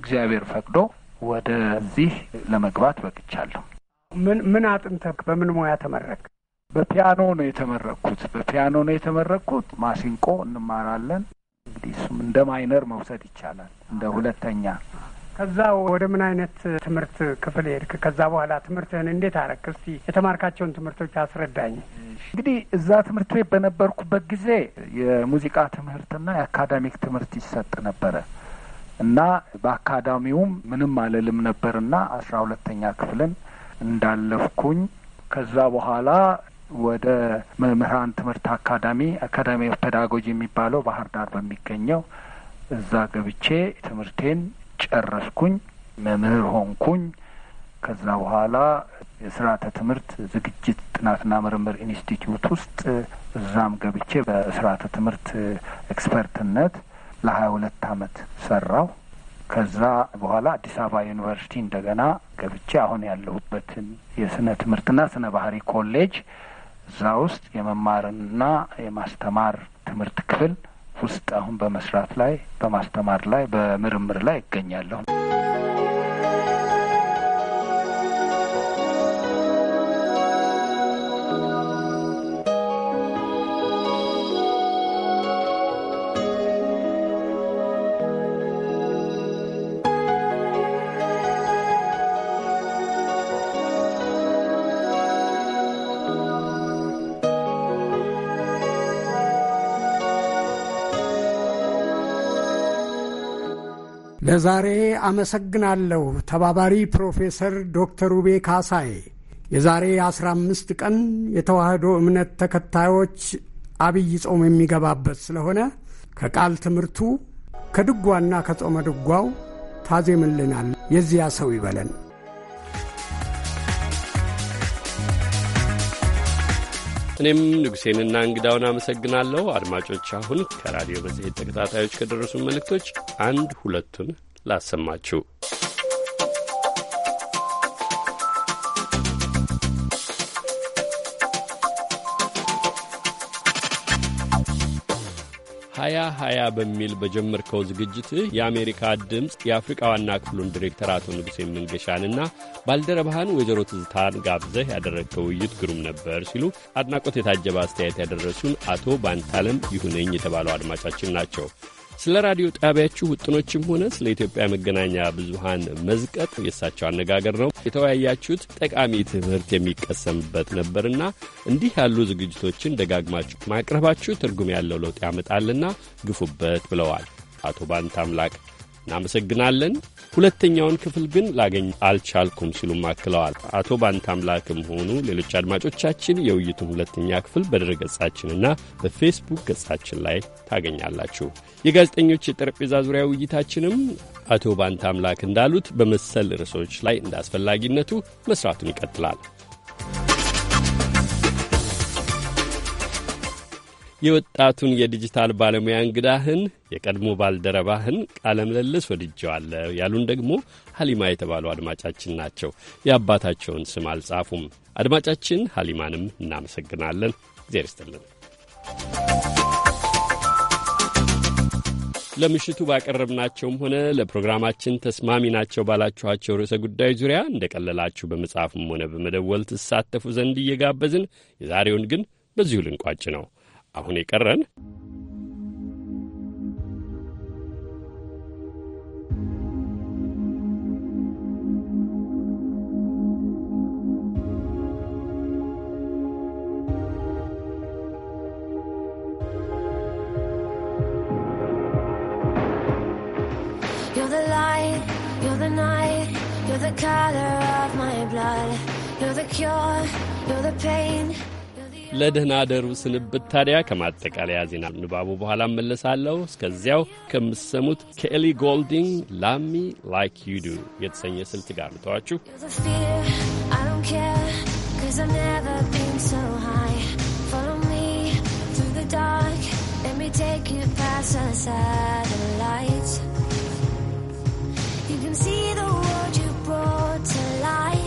እግዚአብሔር ፈቅዶ ወደዚህ ለመግባት በቅቻለሁ። ምን ምን አጥንተህ በምን ሙያ ተመረክ? በፒያኖ ነው የተመረኩት። በፒያኖ ነው የተመረኩት። ማሲንቆ እንማራለን። እንግዲህ እሱም እንደ ማይነር መውሰድ ይቻላል እንደ ሁለተኛ ከዛ ወደ ምን አይነት ትምህርት ክፍል ሄድክ? ከዛ በኋላ ትምህርትህን እንዴት አረክ? እስቲ የተማርካቸውን ትምህርቶች አስረዳኝ። እንግዲህ እዛ ትምህርት ቤት በነበርኩበት ጊዜ የሙዚቃ ትምህርትና የአካዳሚክ ትምህርት ይሰጥ ነበረ እና በአካዳሚውም ምንም አልልም ነበርና አስራ ሁለተኛ ክፍልን እንዳለፍኩኝ ከዛ በኋላ ወደ መምህራን ትምህርት አካዳሚ አካዳሚ ኦፍ ፔዳጎጂ የሚባለው ባህር ዳር በሚገኘው እዛ ገብቼ ትምህርቴን ጨረስኩኝ፣ መምህር ሆንኩኝ። ከዛ በኋላ የስርዓተ ትምህርት ዝግጅት ጥናትና ምርምር ኢንስቲትዩት ውስጥ እዛም ገብቼ በስርዓተ ትምህርት ኤክስፐርትነት ለሀያ ሁለት አመት ሰራው። ከዛ በኋላ አዲስ አበባ ዩኒቨርሲቲ እንደገና ገብቼ አሁን ያለሁበትን የስነ ትምህርትና ስነ ባህሪ ኮሌጅ እዛ ውስጥ የመማርና የማስተማር ትምህርት ክፍል ውስጥ አሁን በመስራት ላይ፣ በማስተማር ላይ፣ በምርምር ላይ ይገኛለሁ። ለዛሬ አመሰግናለሁ ተባባሪ ፕሮፌሰር ዶክተር ውቤ ካሳይ የዛሬ 15 ቀን የተዋህዶ እምነት ተከታዮች አብይ ጾም የሚገባበት ስለሆነ ከቃል ትምህርቱ ከድጓና ከጾመ ድጓው ታዜምልናል። የዚያ ሰው ይበለን። እኔም ንጉሴንና እንግዳውን አመሰግናለሁ። አድማጮች፣ አሁን ከራዲዮ መጽሔት ተከታታዮች ከደረሱ መልእክቶች አንድ ሁለቱን ላሰማችሁ። ሀያ ሀያ በሚል በጀመርከው ዝግጅትህ የአሜሪካ ድምፅ የአፍሪቃ ዋና ክፍሉን ዲሬክተር አቶ ንጉሴ መንገሻንና ባልደረባህን ወይዘሮ ትዝታን ጋብዘህ ያደረግከው ውይይት ግሩም ነበር ሲሉ አድናቆት የታጀበ አስተያየት ያደረሱን አቶ ባንታለም ይሁነኝ የተባለው አድማጫችን ናቸው። ስለ ራዲዮ ጣቢያችሁ ውጥኖችም ሆነ ስለ ኢትዮጵያ መገናኛ ብዙሃን መዝቀጥ የእሳቸው አነጋገር ነው የተወያያችሁት። ጠቃሚ ትምህርት የሚቀሰምበት ነበርና እንዲህ ያሉ ዝግጅቶችን ደጋግማችሁ ማቅረባችሁ ትርጉም ያለው ለውጥ ያመጣልና ግፉበት ብለዋል አቶ ባንታምላክ። እናመሰግናለን። ሁለተኛውን ክፍል ግን ላገኝ አልቻልኩም ሲሉም አክለዋል። አቶ አምላክም ሆኑ ሌሎች አድማጮቻችን የውይይቱን ሁለተኛ ክፍል በድረ ገጻችንና በፌስቡክ ገጻችን ላይ ታገኛላችሁ። የጋዜጠኞች የጠረጴዛ ዙሪያ ውይይታችንም አቶ ባንታምላክ እንዳሉት በመሰል ርዕሶች ላይ እንዳስፈላጊነቱ መስራቱን ይቀጥላል። የወጣቱን የዲጂታል ባለሙያ እንግዳህን የቀድሞ ባልደረባህን ቃለ ምልልስ ወድጀዋለሁ ያሉን ደግሞ ሀሊማ የተባሉ አድማጫችን ናቸው። የአባታቸውን ስም አልጻፉም። አድማጫችን ሀሊማንም እናመሰግናለን። እግዜር ይስጥልን። ለምሽቱ ባቀረብናቸውም ሆነ ለፕሮግራማችን ተስማሚ ናቸው ባላችኋቸው ርዕሰ ጉዳይ ዙሪያ ቀለላችሁ በመጻፍም ሆነ በመደወል ትሳተፉ ዘንድ እየጋበዝን የዛሬውን ግን በዚሁ ልንቋጭ ነው። አሁን የቀረን You're the color of my blood. You're the cure. You're the pain. ለደህና ደሩ ስንብት ታዲያ ከማጠቃለያ ዜና ንባቡ በኋላ መለሳለሁ። እስከዚያው ከምትሰሙት ከኤሊ ጎልዲንግ ላሚ ላይክ ዩ ዱ የተሰኘ ስልት ጋር ልተዋችሁ። You can see the world you brought to life.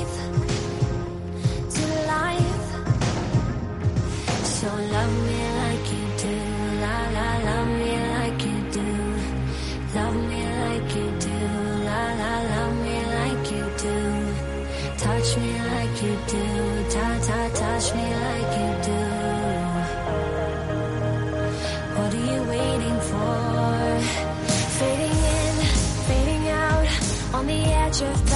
So love me like you do, la la, love me like you do. Love me like you do, la la, love me like you do. Touch me like you do, ta ta, touch me like you do. What are you waiting for? Fading in, fading out, on the edge of.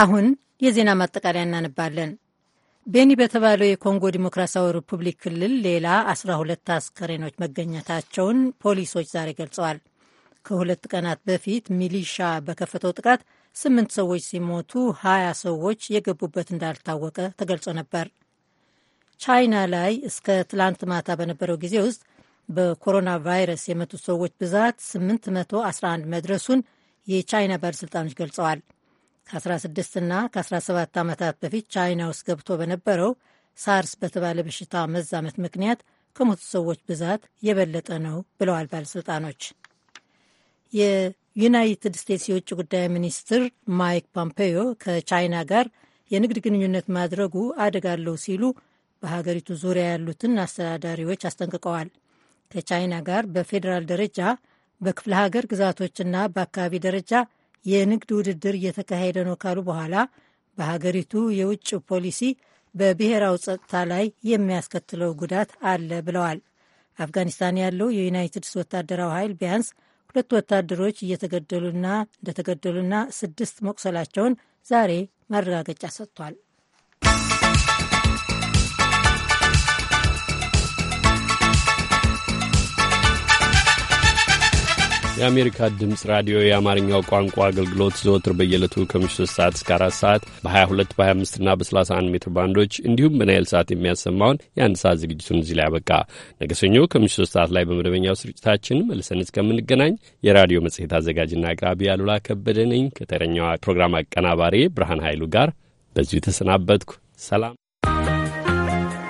አሁን የዜና ማጠቃለያ እናነባለን። ቤኒ በተባለው የኮንጎ ዲሞክራሲያዊ ሪፑብሊክ ክልል ሌላ 12 አስከሬኖች መገኘታቸውን ፖሊሶች ዛሬ ገልጸዋል። ከሁለት ቀናት በፊት ሚሊሻ በከፈተው ጥቃት ስምንት ሰዎች ሲሞቱ ሀያ ሰዎች የገቡበት እንዳልታወቀ ተገልጾ ነበር። ቻይና ላይ እስከ ትላንት ማታ በነበረው ጊዜ ውስጥ በኮሮና ቫይረስ የመቱት ሰዎች ብዛት 811 መድረሱን የቻይና ባለሥልጣኖች ገልጸዋል። ከ16 እና ከ17 ዓመታት በፊት ቻይና ውስጥ ገብቶ በነበረው ሳርስ በተባለ በሽታ መዛመት ምክንያት ከሞቱ ሰዎች ብዛት የበለጠ ነው ብለዋል ባለሥልጣኖች። የዩናይትድ ስቴትስ የውጭ ጉዳይ ሚኒስትር ማይክ ፖምፔዮ ከቻይና ጋር የንግድ ግንኙነት ማድረጉ አደጋለሁ ሲሉ በሀገሪቱ ዙሪያ ያሉትን አስተዳዳሪዎች አስጠንቅቀዋል። ከቻይና ጋር በፌዴራል ደረጃ በክፍለ ሀገር ግዛቶችና በአካባቢ ደረጃ የንግድ ውድድር እየተካሄደ ነው ካሉ በኋላ በሀገሪቱ የውጭ ፖሊሲ በብሔራዊ ጸጥታ ላይ የሚያስከትለው ጉዳት አለ ብለዋል። አፍጋኒስታን ያለው የዩናይትድስ ወታደራዊ ኃይል ቢያንስ ሁለት ወታደሮች እየተገደሉና እንደተገደሉና ስድስት መቁሰላቸውን ዛሬ ማረጋገጫ ሰጥቷል። የአሜሪካ ድምፅ ራዲዮ የአማርኛው ቋንቋ አገልግሎት ዘወትር በየዕለቱ ከምሽቱ 3 ሰዓት እስከ 4 ሰዓት በ22 በ25 እና በ31 ሜትር ባንዶች እንዲሁም በናይል ሰዓት የሚያሰማውን የአንድ ሰዓት ዝግጅቱን እዚህ ላይ ያበቃ። ነገ ሰኞ ከምሽቱ 3 ሰዓት ላይ በመደበኛው ስርጭታችን መልሰን እስከምንገናኝ የራዲዮ መጽሔት አዘጋጅና አቅራቢ አሉላ ከበደ ነኝ ከተረኛዋ ፕሮግራም አቀናባሪ ብርሃን ኃይሉ ጋር በዚሁ ተሰናበትኩ። ሰላም።